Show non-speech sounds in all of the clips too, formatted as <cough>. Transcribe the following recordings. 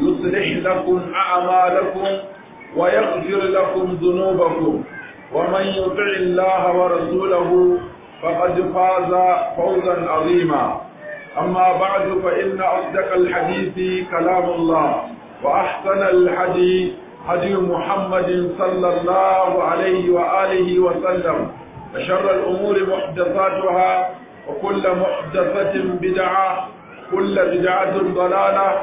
يصلح لكم أعمالكم ويغفر لكم ذنوبكم ومن يطع الله ورسوله فقد فاز فوزا عظيما أما بعد فإن أصدق الحديث كلام الله وأحسن الحديث حديث محمد صلى الله عليه وآله وسلم وشر الأمور محدثاتها وكل محدثة بدعة كل بدعة ضلالة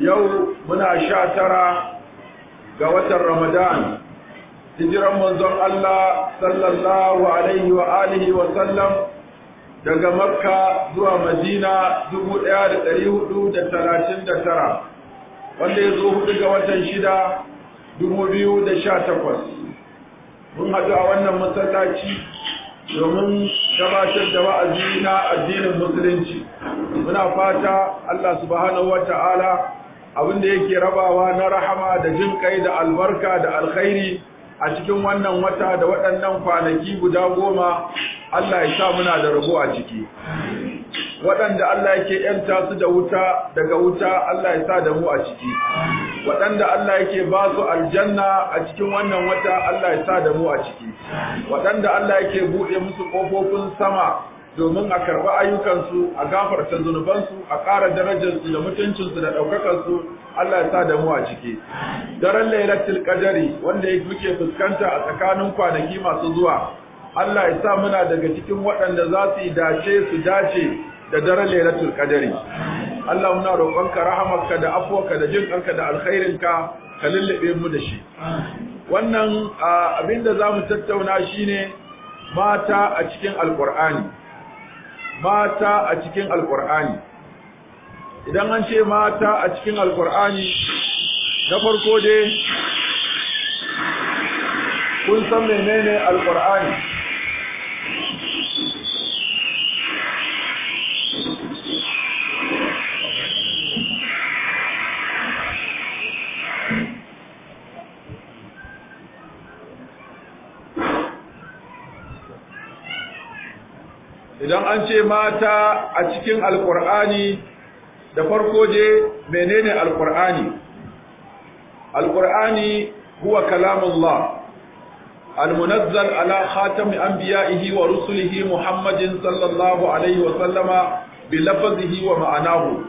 yau muna sha tara ga watan ramadan hijiran manzon Allah sallallahu alaihi wa alihi wa sallam daga makka zuwa madina tara, wanda ya zo hudu ga watan shida 2018 mun haɗu a wannan masallaci domin gabatar da wa'azi na addinin musulunci muna fata Allah subhanahu wata'ala da yake rabawa na rahama da jin kai da albarka da alkhairi a cikin wannan wata da waɗannan kwanaki guda goma Allah ya sa muna da rabo a ciki waɗanda Allah yake ‘yanta su da wuta daga wuta Allah ya sa da mu a ciki, waɗanda Allah yake ba su aljanna a cikin wannan wata Allah ya sa da mu a ciki, waɗanda Allah yake buɗe musu ƙofofin sama domin a karɓi ayyukansu a gafarta zunubansu a ƙara darajarsu da mutuncinsu da ɗaukakarsu Allah ya sa da mu a ciki. Daren Lailatul Qadari wanda muke fuskanta a tsakanin kwanaki masu zuwa Allah ya sa muna daga cikin waɗanda za su yi dace su dace da daren lailatul qadari Allah muna roƙonka rahamarka da afwarka da jin ƙarka da alkhairinka ka lullube mu da shi wannan abinda mu tattauna shine mata a cikin alqur'ani mata a cikin alqur'ani idan an ce mata a cikin alqur'ani na farko dai kun san menene alqur'ani idan an ce mata a cikin alkur'ani da farko je menene alkur'ani alkur'ani huwa kalamullah almunazzal ala khatami anbiya'ihi wa rusulihi muhammadin sallallahu alaihi wa sallama bi lafzihi wa ma'anahu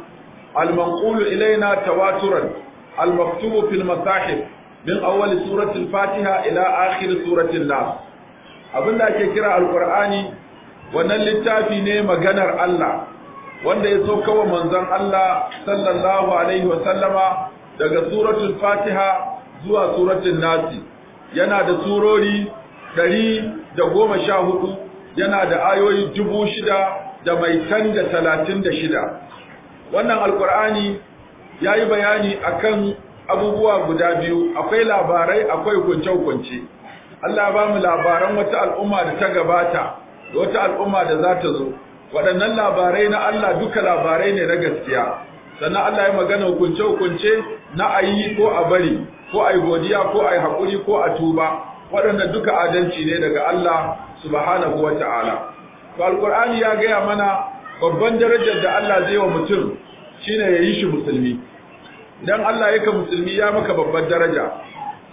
almanqulu ilaina, tawaturan almaktubu fil masahif min awwal surati Fatiha, ila akhir surati an-nas abinda ake kira alqur'ani wannan littafi ne maganar Allah wanda ya so kawo manzon Allah sallallahu alaihi wasallama daga suratul Fatiha zuwa suratul Nasi yana da surori ɗari da goma sha 114 yana da ayoyi dubu shida da da da mai talatin shida. wannan alkur'ani ya yi bayani akan abubuwa guda biyu akwai labarai akwai kunce-kunce Allah ba mu labaran wata al'umma da ta gabata da wata al'umma da za ta zo waɗannan labarai na Allah duka labarai ne na gaskiya sannan Allah ya magana hukunce-hukunce na a ko a bari ko a yi godiya ko a yi haƙuri ko a tuba waɗannan duka adalci ne daga Allah subhanahu wa ta'ala to alƙur'ani ya gaya mana babban darajar da Allah zai wa mutum shine ya yi shi musulmi idan Allah yake musulmi ya maka babban daraja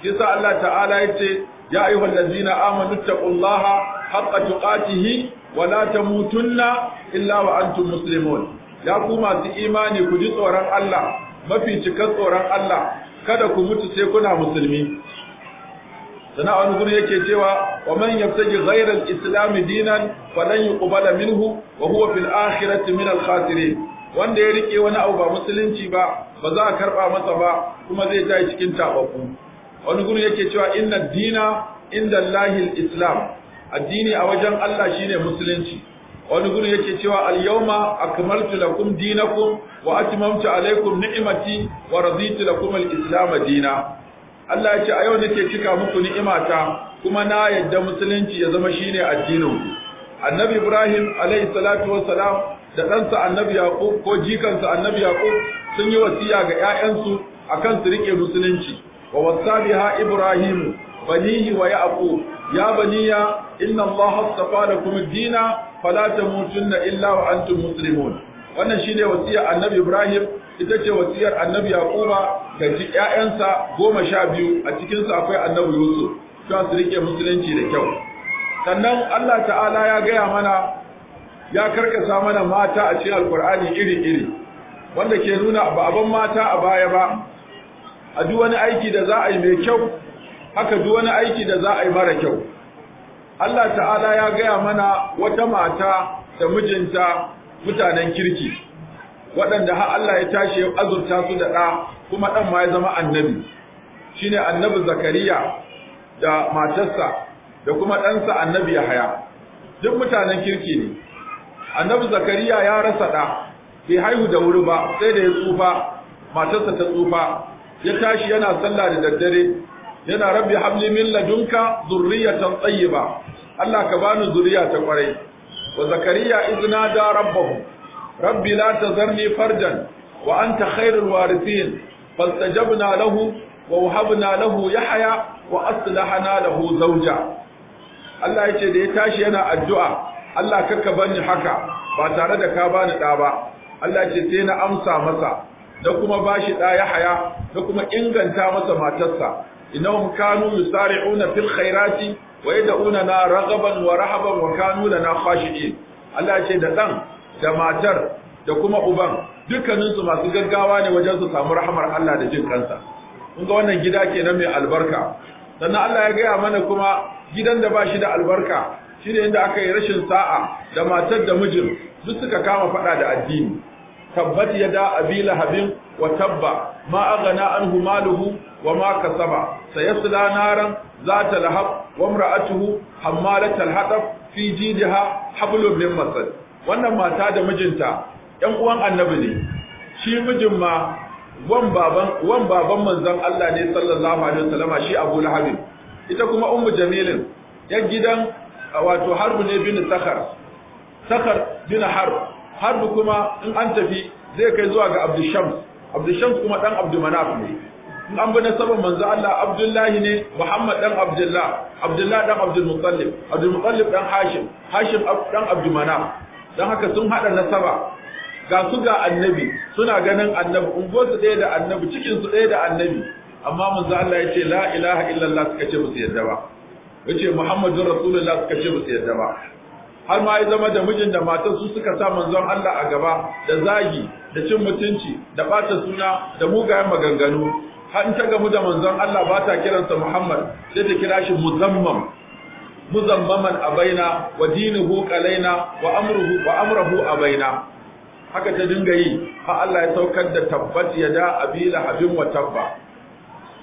yasa Allah ta'ala yace ya ayyuhallazina amanu taqullaha haqqa tuƙatihi wa la tamutunna illa wa antum muslimun ya ku masu imani ku ji tsoron Allah mafi cikar tsoron Allah kada ku mutu sai kuna musulmi sana wani guri yake cewa wa man yabtaji ghayra al-islam dinan falan yuqbala minhu wa huwa fil akhirati min al-khasirin wanda ya rike wani abu ba musulunci ba ba za a karba masa ba kuma zai tayi cikin tababbu wani guri yake cewa inna dina inda lahil islam addini a wajen Allah shine musulunci wani gurin yake cewa al-yawma akmaltu lakum dinakum wa atmamtu alaykum ni'mati wa raditu lakum al-islam dina Allah ya ce a yau nake cika muku ni'imata kuma na yadda musulunci ya zama shine addinin Annabi Ibrahim alayhi salatu wassalam da ɗansa Annabi Yaqub ko jikansa Annabi Yaqub sun yi wasiya ga ƴaƴansu akan su rike musulunci wa wasa biha Ibrahim banihi wa Yaqub يا بني إن الله اصطفى لكم الدين فلا تموتن إلا وأنتم مسلمون wannan shine wasiyar annabi Ibrahim ita ce wasiyar annabi Yaquba ga ƴaƴansa goma sha biyu a cikin su akwai annabi Yusuf don su rike musulunci da kyau sannan Allah ta'ala ya gaya mana ya karkasa mana mata a cikin alkur'ani iri-iri wanda ke nuna ba abin mata a baya ba a duk wani aiki da za a yi mai kyau haka duk wani aiki da za a yi mara kyau Allah ta'ala ya gaya mana wata mata da mijinta mutanen kirki waɗanda har Allah ya tashi ya azurta su da ɗa kuma ɗan ma ya zama annabi shine annabi zakariya da matarsa da kuma ɗansa annabi yahaya duk mutanen kirki ne annabi zakariya ya rasa ɗa bai haihu da wuri ba sai da ya tsufa matarsa ta tsufa ya tashi yana sallah da daddare yana rabbi habli min ladunka tsayi tayyiba Allah ka bani zuriya ta kwarai wa zakariya izna da rabbahu rabbi la tazarni fardan wa anta khairul warithin fastajabna lahu wa wahabna lahu yahya wa aslahna lahu zawja Allah yace da ya tashi yana addu'a Allah kakka bani haka ba tare da ka bani da ba Allah ce sai na amsa masa da kuma bashi da yahya da kuma inganta masa matarsa innahum kanu yusari'una fil khairati wa yad'una na ragaban wa rahaban wa kanu na khashi'in Allah ce da dan da matar da kuma uban dukkaninsu masu gaggawa ne wajen su samu rahamar Allah da jin kansa ga wannan gida kenan mai albarka sannan Allah ya gaya mana kuma gidan da ba shi da albarka shine inda aka yi rashin sa'a da matar da mijin duk suka kama faɗa da addini tabbat a bi lahabin wa tabba ma'agana an anhu maluhu wa ma kasaba sayasla naran za ta lahab wa imra'atuhu hammalatal hatab fi jidha hablum wannan mata da mijinta ƴan uwan annabi ne shi mijin ma wan baban wan baban manzon Allah ne sallallahu alaihi wasallama shi Abu Lahab ita kuma ummu jamilin yan gidan wato harbu ne bin sakar sakar bin harb harbu kuma in an tafi zai kai zuwa ga Abdul abdushams kuma dan abdumanaf ne in an bi nasabar manzo Allah Abdullahi ne Muhammad dan Abdullah Abdullah dan Abdul Muttalib Abdul Muttalib dan Hashim Hashim dan Abdul Manaf dan haka sun hada nasaba ga su ga annabi suna ganin annabi unguwarsu ɗaya da annabi cikin su ɗaya da annabi amma manzo Allah ya ce la ilaha illallah suka ce musu yadda ba yace muhammadur rasulullah suka ce musu yadda ba har ma ya zama da mijin da matar su suka sa manzon Allah a gaba da zagi da cin mutunci da bata suna da mugayen maganganu har in ta gamu da manzon Allah ba ta kiransa Muhammad sai ta kira shi muzammam muzammaman abaina wa dinuhu qalaina wa amruhu wa amruhu abaina haka ta dinga yi ha Allah ya saukar da tabbat ya da abila habin wa tabba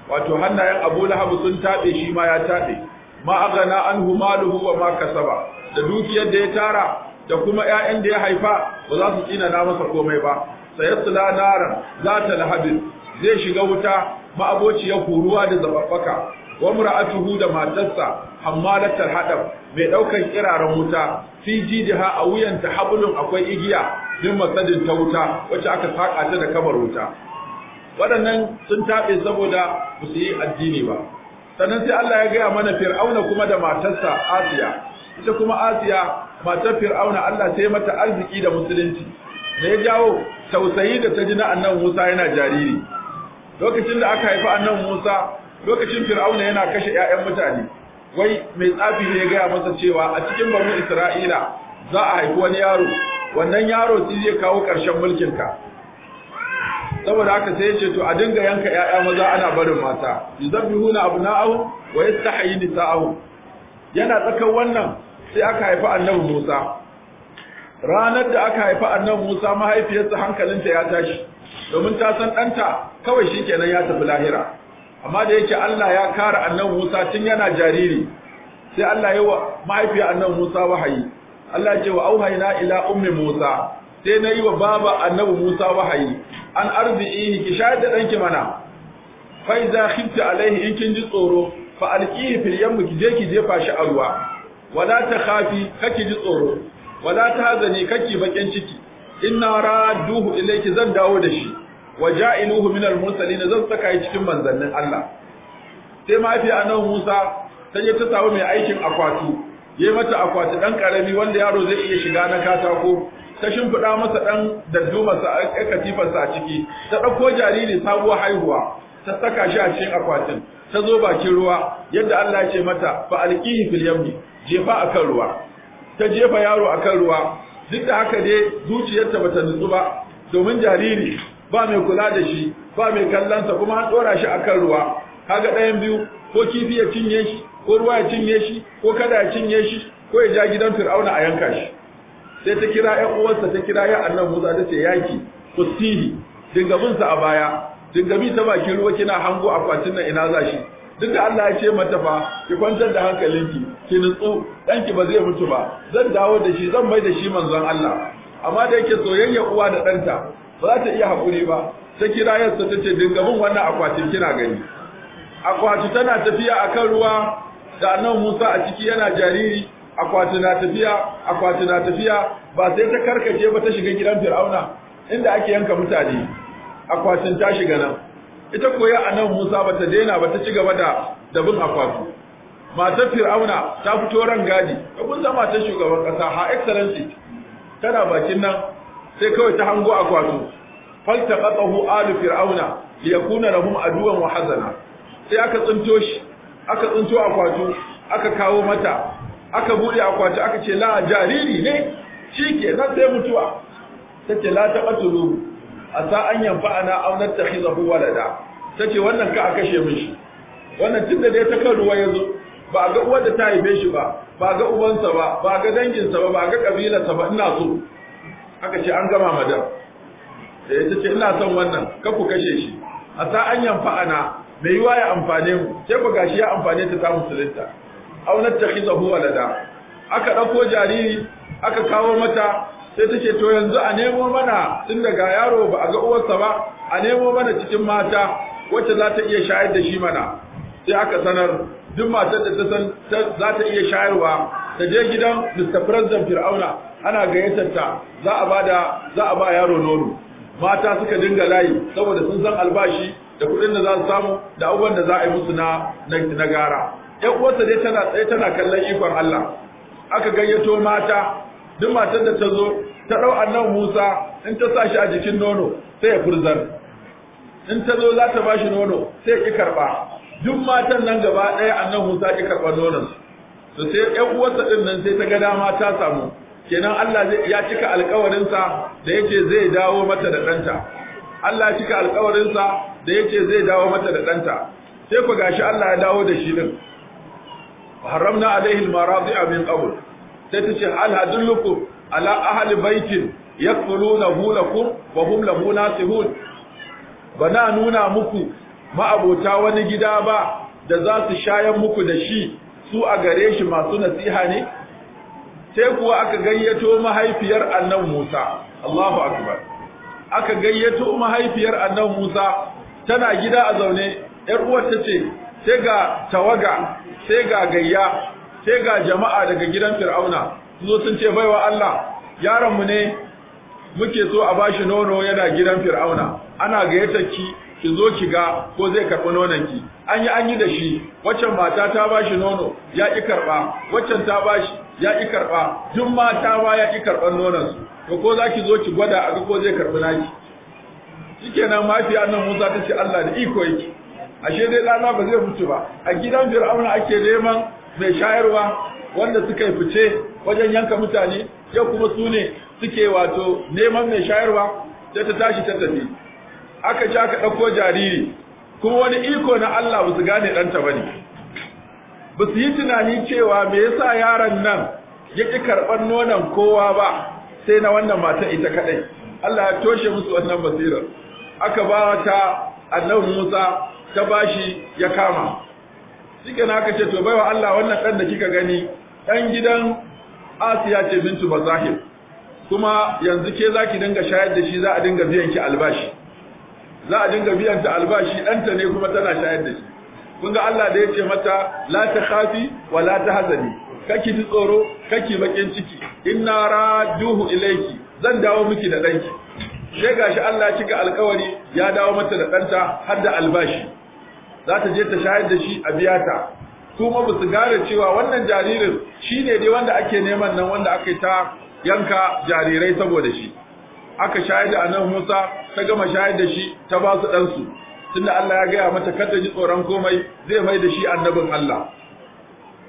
wato hannayen Abu Lahab sun tabe shi ma ya tabe ma agana anhu maluhu wa ma kasaba da dukiyar da ya tara da kuma ƴaƴan da ya haifa ba za su tsina na masa komai ba sayasla naran za ta lahabin zai shiga wuta ma'abociyar huruwa da zababbaka wa mura'atuhu da matarsa hammalatar hadab mai daukan kiraren wuta fi jidiha a wuyanta hablun akwai igiya din masadin ta wuta wacce aka saka ta da kamar wuta waɗannan sun tabe saboda ba su yi addini ba sannan sai Allah ya gaya mana fir'auna kuma da matarsa asiya ita kuma asiya matar fir'auna Allah sai mata arziki da musulunci me ya jawo tausayi da ta ji na annabi Musa yana jariri lokacin da aka haifi annabi Musa lokacin Fir'auna yana kashe ƴaƴan mutane wai mai tsafi ne ya gaya masa cewa a cikin banu Isra'ila za a haifi wani yaro wannan yaro shi zai kawo ƙarshen mulkin ka saboda haka sai ya ce to a dinga yanka ƴaƴa maza ana barin mata yuzabbihuna abna'ahu wa yastahyi nisa'ahu yana tsakan wannan sai aka haifi annabi Musa ranar da aka haifi annabi Musa mahaifiyarsa hankalinta ya tashi domin ta san ɗanta kawai shi kenan ya tafi lahira amma da yake Allah ya kare annan Musa tun yana jariri sai Allah ya wa mahaifiya annan Musa wahayi Allah ce wa auhayna ila ummi Musa sai na yi wa baba annabi Musa wahayi an arzihi ki shayar da ɗanki mana fa iza khifti alaihi in kin ji tsoro fa alqihi fil yam ki je ki jefa shi a ruwa wala ta khafi kake ji tsoro wala ta hazani kake bakin ciki inna raduhu ilayki zan dawo da shi wa ja'iluhu min al-mursalin zan saka shi cikin manzannin Allah sai mafi annabi Musa ta je ta samu mai aikin akwati yayi mata akwati dan karami wanda yaro zai iya shiga na katako ta shimfiɗa masa ɗan sa a katifarsa a ciki ta ɗauko jariri sabuwar haihuwa ta saka shi a cikin akwatin ta zo bakin ruwa yadda Allah ya ce mata fa alqihi fil yammi jefa akan ruwa ta jefa yaro akan ruwa duk da haka dai zuciyarta bata nutsu ba domin jariri ba mai kula da shi ba mai kallonsa kuma an ɗora shi akan ruwa kaga ɗayan biyu ko kifi ya cinye shi ko ruwa ya cinye shi ko kada ya cinye shi ko ya ja gidan fir'auna a yanka shi sai ta kira ƴan uwansa ta kira ya annan musa ta ce yaki kustihi dingabinsa a baya dingabi ta bakin ruwa kina hango akwatin nan ina za shi duk da Allah ya ce mata fa ki kwantar da hankalinki ki nutsu danki ba zai mutu ba zan dawo da shi zan mai da shi manzon Allah amma da yake soyayya uwa da ɗanta ba za ta iya hakuri ba ta kira yarsa ta ce dingamin wannan akwatin kina gani akwati tana tafiya akan ruwa da nan Musa a ciki yana jariri akwati na tafiya akwati na tafiya ba sai ta karkace ba ta shiga gidan Fir'auna inda ake yanka mutane akwatin ta shiga nan ita koya nan Musa ba ta daina ba ta ci gaba da dabin akwatu. matar Fir'auna ta fito ran gadi kun zama matar shugaban kasa ha excellency tana bakin nan sai kawai ta hango Falta qatahu alu fir'auna liyakuna lahum aduwan wa hazana sai aka tsinto shi aka tsinto kwato aka kawo mata aka bude kwato aka ce la jariri ne shike na sai mutuwa take la a asa an yanfa'ana aw nattakhizahu walada tace wannan ka a kashe mishi wannan tunda da ta kan ruwa zo. ba ga uwar da ta haife shi ba ba ga ubansa ba ba ga danginsa ba ba ga kabilarsa ba ina so aka ce an gama madan. da ya ce ina son wannan ka kashe shi a sa an yamfa ana mai yiwa ya amfane mu sai ku gashi ya amfane ta ta musulunta aw nattakhizahu aka ɗauko jariri aka kawo mata sai ta ce to yanzu a nemo mana tun daga yaro ba a ga uwarsa ba a nemo mana cikin mata wacce za ta iya shayar da shi mana sai aka sanar duk matar da ta san za ta iya shayarwa ta je gidan Mr. President Fir'auna ana gayyatar ta za a bada za a ba yaro nono mata suka dinga layi saboda sun san albashi da kuɗin da za su samu da abubuwan da za a yi musu na na gara ƴan uwarsa dai tana tsaye tana kallon ikon Allah aka gayyato mata duk matar da ta zo ta ɗau annabi Musa in ta sa shi a jikin nono sai ya furzar in ta zo za ta ba nono sai ki karɓa duk matan nan gaba ɗaya annabi Musa ki karɓa nonon sai ƴan uwarsa ɗin nan sai ta ga dama ta samu kenan Allah ya cika alkawarinsa da yake zai dawo mata da ɗanta Allah ya cika alkawarinsa da yace zai dawo mata da ɗanta sai ku gashi Allah ya dawo da shi din haramna alaihi almaradi'a min qabl sai ta ce hal hadullukum ala ahli baitin yakfulunahu hulakum wa hum lahu nasihun bana nuna muku ma'abota wani gida ba da za su shayan muku da shi su a gare shi masu nasiha ne sai kuwa aka gayyato mahaifiyar annabi Musa Allahu akbar aka gayyato mahaifiyar annabi Musa tana gida a zaune yar uwar tace ce sai ga tawaga sai ga gayya sai ga jama'a daga gidan Fir'auna su zo sun ce baiwa Allah yaron mu ne muke so a bashi nono yana gidan Fir'auna ana gayyatar ki ki zo ki ga ko zai karɓi nonon ki an yi an yi da shi waccan mata ta bashi nono ya ki karɓa waccan ta bashi ya ki karba duk mata ba ya ki karban nonon su to ko zaki zo ki gwada a ga ko zai karbi naki shikenan mafiya nan Musa ta ce Allah da iko yake ashe dai lana ba zai fice ba a gidan Fir'auna ake neman mai shayarwa wanda suka yi fice wajen yanka mutane ya kuma su ne suke wato neman mai shayarwa sai ta tashi ta tafi aka sha ka ɗauko jariri kuma wani iko na Allah ba su gane ɗanta ba ne ba su yi tunani cewa me yasa yaron nan ya ƙi karɓar nonon kowa ba sai na wannan mata ita kaɗai Allah ya toshe musu wannan basirar aka ba ta annabi Musa ta bashi ya kama shike na aka ce to baiwa Allah wannan ɗan da kika gani ɗan gidan Asiya ce bintu Bazahir kuma yanzu ke zaki dinga shayar da shi za a dinga biyan ki albashi za a dinga biyan ta albashi danta ne kuma tana shayar da shi kun ga Allah da ya ce mata la ta khafi wa la ta hazani kaki ji tsoro kaki bakin ciki inna raduhu ilayki zan dawo miki da danki sai gashi Allah ya cika alkawari ya dawo mata da danta har da albashi za ta je ta shayar da shi a biya ta kuma ba su gane cewa wannan jaririn shine dai wanda ake neman nan wanda aka ta yanka jarirai saboda shi aka shayar da nan Musa ta gama shayar da shi ta ba su ɗansu tunda Allah ya gaya mata kada ji tsoron komai zai mai da shi annabin Allah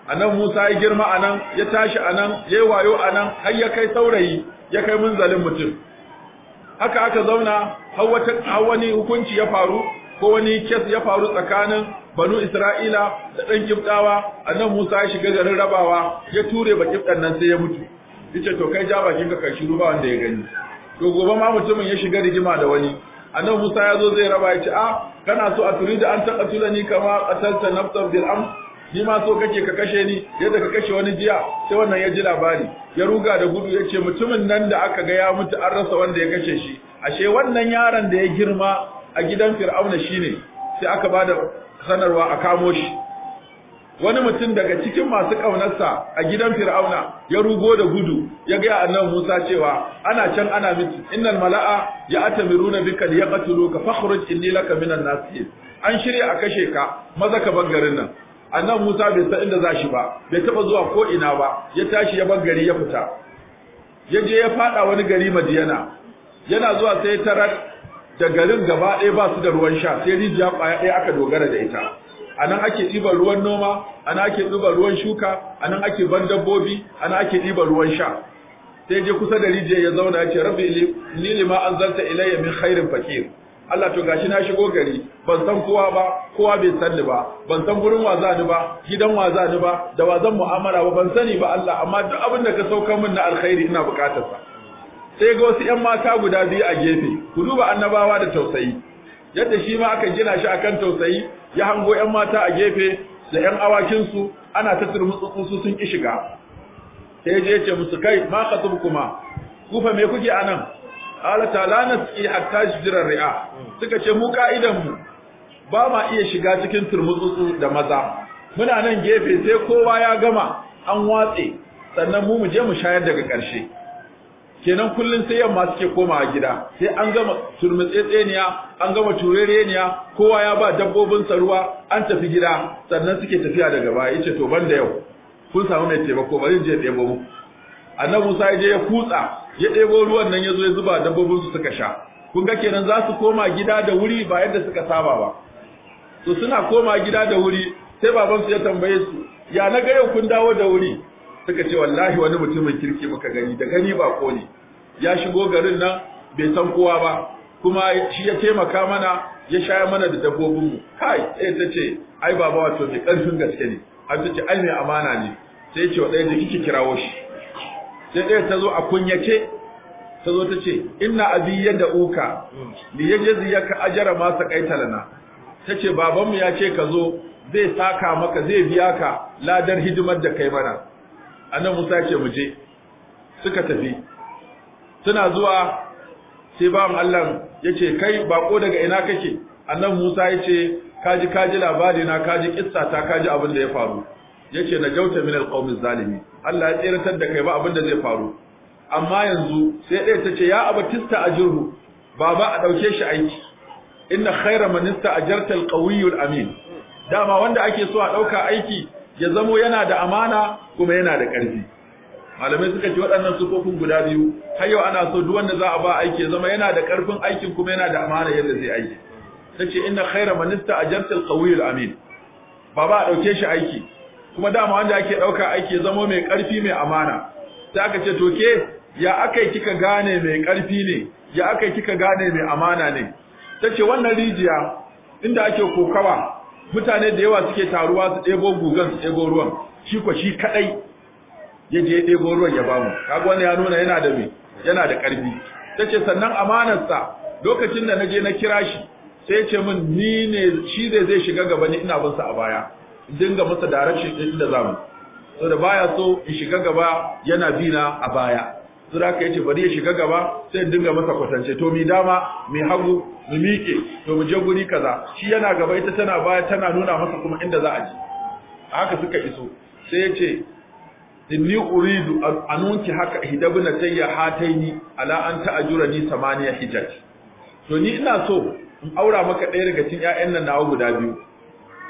anan Musa ya girma anan ya tashi anan ya yi wayo anan har ya kai saurayi ya kai munzalin mutum haka aka zauna har wani hukunci ya faru ko wani kes ya faru tsakanin banu Isra'ila da ɗan kibdawa anan Musa ya shiga garin rabawa ya ture ba kibdan nan sai ya mutu yace to kai ja bakin ka kai shiru ba wanda ya gani to gobe ma mutumin ya shiga rigima da wani annabi Musa ya zo zai raba ya ce a ah, kana so a turida an tula ni kama qatalta nafsan bil am ni ma so kake ka kashe ni yadda ka kashe wani jiya sai wannan ya ji labari ya ruga da gudu ya ce mutumin nan da aka ga ya mutu an rasa wanda ya kashe shi ashe wannan yaron da ya girma a gidan fir'auna shine sai aka bada sanarwa a kamo shi wani mutum daga cikin masu ƙaunarsa a gidan fir'auna ya rugo da gudu ya gaya annabi musa cewa ana can ana miki innal mala'a ya atamiruna bika liyaqtuluka fakhruj inni laka minan nasihin an shirya a kashe ka maza ka bar garin nan annabi musa bai san inda za shi ba bai taba zuwa ko ina ba ya tashi ya bar gari ya fita ya je ya fada wani gari madiyana yana zuwa sai tarar da garin gaba ɗaya ba su da ruwan sha sai rijiya ƙwaya ɗaya aka dogara da ita anan ake ɗiban ruwan noma a ake ɗiban ruwan shuka a ake ban dabbobi anan ake ɗiban ruwan sha sai je kusa da rijiya ya zauna ya ce rabbi ni li an zalta ilayya min khairin fakir Allah to gashi na shigo gari ban san kowa ba kowa bai san ni ba ban san gurin za ni ba gidan wa za ni ba da wa zan mu'amala ba ban sani ba Allah amma duk abin da ka sauka min na alkhairi ina bukatar sa sai ga wasu ƴan mata guda biyu a gefe ku duba annabawa da tausayi yadda shi ma aka gina shi akan tausayi ya hango yan mata a gefe da yan su ana ta turmutsu sun ki shiga sai je ce musu kai ma khatubkuma kufa me kuke anan ala ta la nasqi hatta jira ri'a suka ce mu ka'idan mu ba ma iya shiga cikin turmutsu da maza muna nan gefe sai kowa ya gama an watse sannan mu mu je mu shayar daga ƙarshe kenan kullun sai yamma suke komawa gida sai an gama turmutsetseniya an gama turereniya kowa ya ba dabbobinsa ruwa an tafi gida sannan suke tafiya daga baya yace to ban da yau kun samu mai taimako bari je ɗebo mu annabi Musa ya je ya kutsa ya ɗebo ruwan nan ya zo ya zuba dabbobinsu suka sha kun ga kenan za su koma gida da wuri ba yadda suka saba ba to suna koma gida da wuri sai babansu ya tambaye su ya na ga yau kun dawo da wuri suka ce wallahi wani mutumin kirki muka gani da gani ba ko ne ya shigo garin nan bai san kowa ba kuma shi ya taimaka mana ya shaya mana da dabbobinmu kai sai ta ce ai baba wato mai ƙarfin gaske ne an ta ce ai mai amana ne sai ce ɗaya da kike kirawo shi sai ɗaya ta zo a kunyace ta zo ta ce inna abi yadda uka li yaje yaka ajara ma saqaita lana ta ce babanmu ya ce ka zo zai saka maka zai biya ka ladar hidimar da kai mana annabi Musa ya ce mu je suka tafi suna zuwa sai bawan Allah ya ce kai ko daga ina kake annabi Musa ya ce kaji kaji labari na kaji kissa ta kaji abin da ya faru yace na jauta min alqawmi zalimi Allah ya tsiratar da kai ba abin da zai faru amma yanzu sai ɗaya ta ce ya abatista ajruhu baba a ɗauke shi aiki inna khayra man ajarta alqawiyyu Amin. dama wanda ake so a ɗauka aiki ya zamo yana da amana kuma yana da ƙarfi malamai suka ce waɗannan sufofin guda biyu har yau ana so duk wanda za a ba aiki ya zama yana da ƙarfin aikin kuma yana da amana yadda zai aiki tace inna khaira man ista'jarta a qawiyyu al-amin baba a dauke shi aiki kuma dama wanda ake ɗauka aiki ya zama mai ƙarfi mai amana sai aka ce toke ya akai kika gane mai ƙarfi ne ya akai kika gane mai amana ne tace wannan rijiya inda ake kokawa mutane da yawa suke taruwa su ɗebo gugan su ɗebo ruwan shi ko shi kaɗai ya je ɗebo ruwan ya bamu kaga wani ya nuna yana da me yana da ƙarfi ce sannan amanarsa lokacin da na je na kira shi sai ya ce min ni ne shi zai zai shiga gaba ne ina bin sa a baya in dinga masa da din inda zamu saboda baya so in shiga gaba yana bina a baya aka yi ce bari ya shiga gaba sai dinga masa kwatance to mi dama mi hagu mi miƙe to mu je guri kaza shi yana gaba ita tana baya tana nuna masa kuma inda za a je haka suka iso sai ya yace inni uridu anunki haka hidabna tayya hataini ala an ni samaniya hijaj to ni ina so in aura maka ɗaya daga cikin ƴaƴan nan nawa guda biyu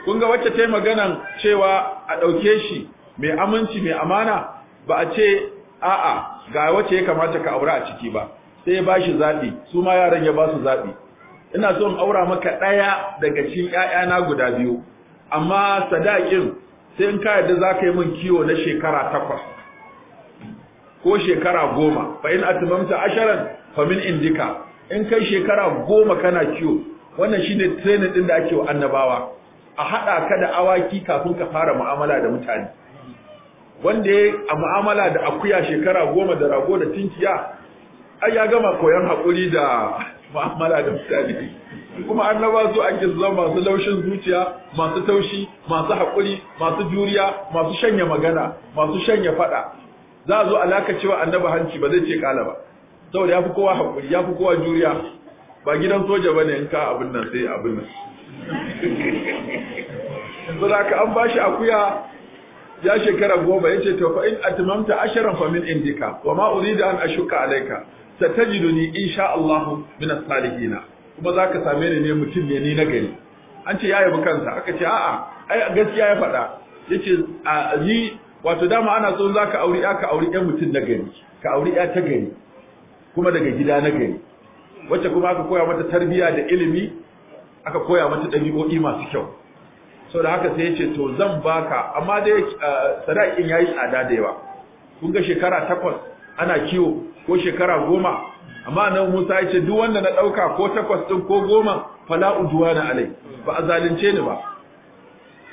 kun ga wacce ta yi maganan cewa a ɗauke shi mai aminci mai amana ba a ce a'a ga wace ya kamata ka aura a ciki ba sai ya bashi zabi su ma yaran ya ba su zabi ina so in aura maka daya daga cikin ƴaƴana guda biyu amma sadakin sai in ka yarda za ka yi min kiwo na shekara takwas ko shekara goma fa in atmamta asharan fa min indika in kai shekara goma kana kiwo wannan shine training din da ake wa annabawa a haɗa ka da awaki kafin ka fara mu'amala da mutane wanda ya a mu'amala da akuya shekara goma da rago da tinkiya ai ya gama koyon haƙuri da mu'amala da mutane kuma annaba su ake zama masu laushin zuciya masu taushi masu hakuri, masu juriya masu shanya magana masu shanya faɗa za a zo alaka cewa annaba hanci ba zai ce kala ba saboda ya fi kowa haƙuri ya fi kowa juriya ba gidan soja ba ne in ka abin nan sai abin nan <laughs> saboda an bashi akuya ya shekara goma ya ce to fa in atmamta asharan fa min indika wa ma uridu an ashuka alayka satajiduni insha Allah min as-salihin kuma zaka same ni ne mutum ne ni na gari an ce ya yabi kansa aka ce a'a ai gaskiya ya faɗa yace a ni wato dama ana so zaka auri ya ka auri ɗan mutum na gari ka auri ya ta gari kuma daga gida na gari wacce kuma aka koya mata tarbiyya da ilimi aka koya mata ɗabi'o'i masu kyau da haka sai yace to zan baka amma dai eh, sadakin yayi tsada da yawa kun ga shekara takwas ana kiwo ko shekara goma amma nan Musa ya ce duk wanda na ɗauka ko takwas ɗin ko goma fala udwana alai ba a zalunce ni ba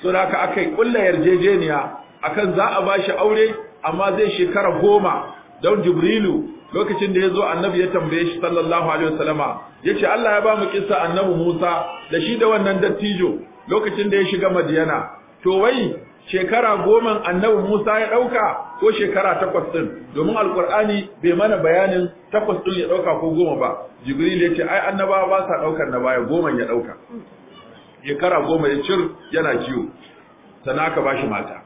so da haka akai ƙulla yarjejeniya akan za a bashi aure amma zai shekara goma don Jibrilu lokacin da ya zo annabi ya tambaye shi sallallahu alaihi wasallama ya ce Allah ya ba mu kissa annabi Musa da shi da wannan dattijo lokacin da ya shiga madiyana to wai shekara goma annabi Musa ya ɗauka ko shekara takwas ɗin domin alkur'ani bai mana bayanin takwas ɗin ya ɗauka ko goma ba jibril ya ce ai annabawa ba sa ɗaukar na baya goma ya ɗauka shekara goma ya cir yana kiwo sannan aka bashi mata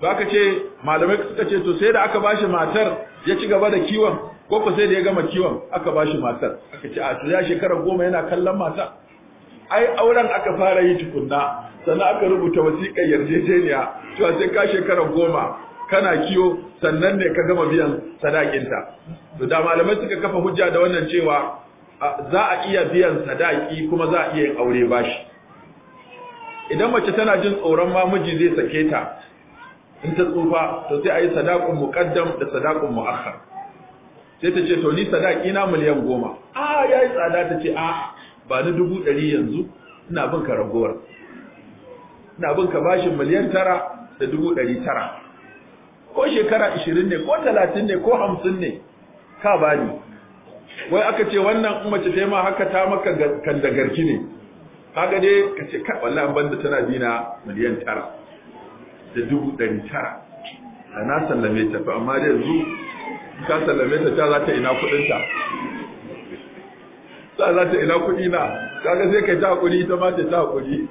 to aka ce malamai suka ce to sai da aka bashi matar ya ci gaba da kiwon ko ko sai da ya gama kiwon aka bashi matar aka ce a to ya shekara goma yana kallon matar ai auren aka fara yi tukunna sannan aka rubuta wasiƙar yarjejeniya cewa sai ka shekara goma kana kiyo sannan ne ka gama biyan sadakinta to da malamai suka kafa hujja da wannan cewa za a iya biyan sadaki kuma za a iya yin aure bashi idan mace tana jin tsoron ma miji zai sake ta in ta tsufa to sai a yi sadakun muqaddam da sadakun muakhar sai ta ce to ni sadaki na miliyan goma ah, a yayi tsada ta ce a ba na dubu ɗari yanzu ina bin ka ragowar ina bin ka bashin miliyan tara da dubu ɗari tara ko shekara ishirin ne ko talatin ne ko hamsin ne ka bani wai aka ce wannan in mace ma haka ta maka kandagarki ne haka dai ka ce ka wallahi da tana bina miliyan tara da dubu ɗari tara a na sallame ta amma dai yanzu ka sallame ta ta za ta ina kuɗinta sa za ta ina kuɗi na kaga sai kai ta kuɗi ta ma ta ta kuɗi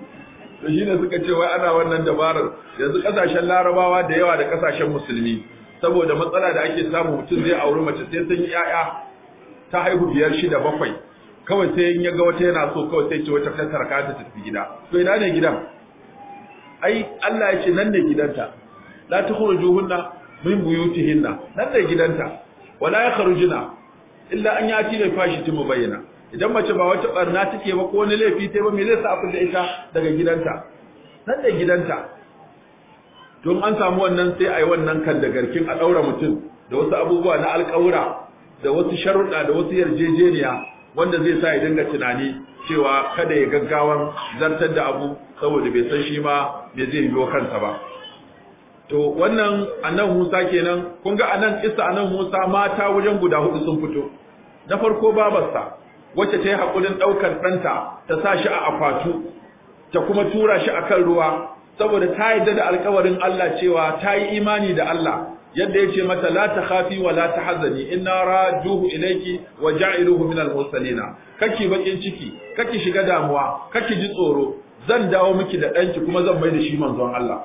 to shine suka ce wai ana wannan dabarar yanzu kasashen larabawa da yawa da kasashen musulmi saboda matsala da ake samu mutum zai auri mace sai sun yi yaya ta haihu biyar shida bakwai kawai sai in ya ga wata yana so kawai sai ce wata ta tarka ta tafi gida to ina ne gidan ai Allah ya ce nan ne gidanta la tukhrujuhunna min buyutihinna nan ne gidanta wala yakhrujuna illa an yati bi fashitin bayyana. idan mace ba wata barna take ba ko wani laifi ta ba me zai sa a fita ita daga gidanta nan da gidanta don an samu wannan sai a yi wannan kan da garkin a ɗaura mutum da wasu abubuwa na alƙawura da wasu sharuɗa da wasu yarjejeniya wanda zai sa ya dinga tunani cewa kada ya gaggawan zartar da abu saboda bai san shi ma me zai biyo kansa ba to wannan anan Musa kenan kun ga anan isa anan Musa mata wajen guda hudu sun fito na farko babarsa wacce ta yi haƙurin ɗaukar ɗanta ta sa shi a akwatu ta kuma tura shi a kan ruwa saboda ta yarda da alkawarin Allah cewa ta yi imani da Allah yadda ya ce mata la ta khafi wa la ta hazani inna rajuhu ilayki wa ja'iluhu min al-mursalina kake bakin ciki kake shiga damuwa kake ji tsoro zan dawo miki da ɗanki kuma zan mai da shi manzon Allah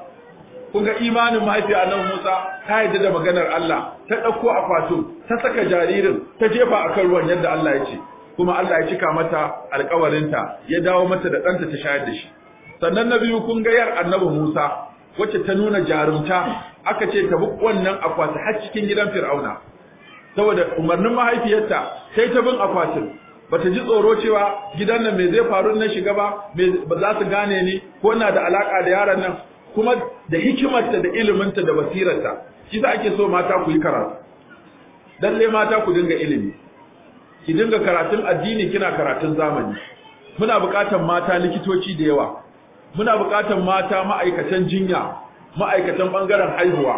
kun ga imanin mahaifiya nan Musa ta yarda da maganar Allah ta ɗauko akwatin ta saka jaririn ta jefa akan ruwan yadda Allah ya ce kuma Allah ya cika mata alkawarinta ya dawo mata da ɗanta ta shayar da shi sannan na biyu kun ga yar annabi Musa wacce ta nuna jarumta aka ce ta bi wannan akwati har cikin gidan Fir'auna saboda umarnin mahaifiyarta sai ta bin akwatin bata ji tsoro cewa gidan nan me zai faru na shiga ba ba za su gane ni ko ina da alaka da yaran nan kuma da hikimarta da iliminta da basirarta shi ake so mata ku yi karatu lalle mata ku dinga ilimi ki dinga karatun addini kina karatun zamani muna buƙatar mata likitoci da yawa muna buƙatar mata ma'aikatan jinya ma'aikatan bangaren haihuwa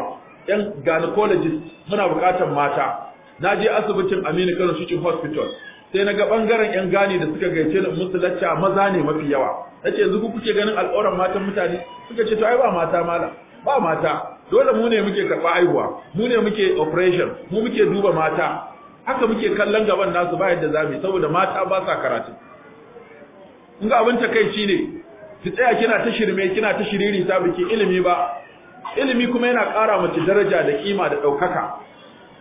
yan gynecologist muna buƙatar mata naje asibitin Aminu Kano Teaching Hospital sai na ga ɓangaren yan gane da suka gaice ni musu lacca maza ne mafi yawa nace yanzu ku kuke ganin al'auran matan mutane suka ce to ai ba mata malam ba mata dole mu ne muke karɓa haihuwa mu ne muke operation mu muke duba mata haka muke kallon gaban nasu ba yadda zamu saboda mata ba sa karatu in ga abin takeici ne ki tsaya kina ta shirme kina ta shiriri ta biki ilimi ba ilimi kuma yana ƙara mace daraja da kima da ɗaukaka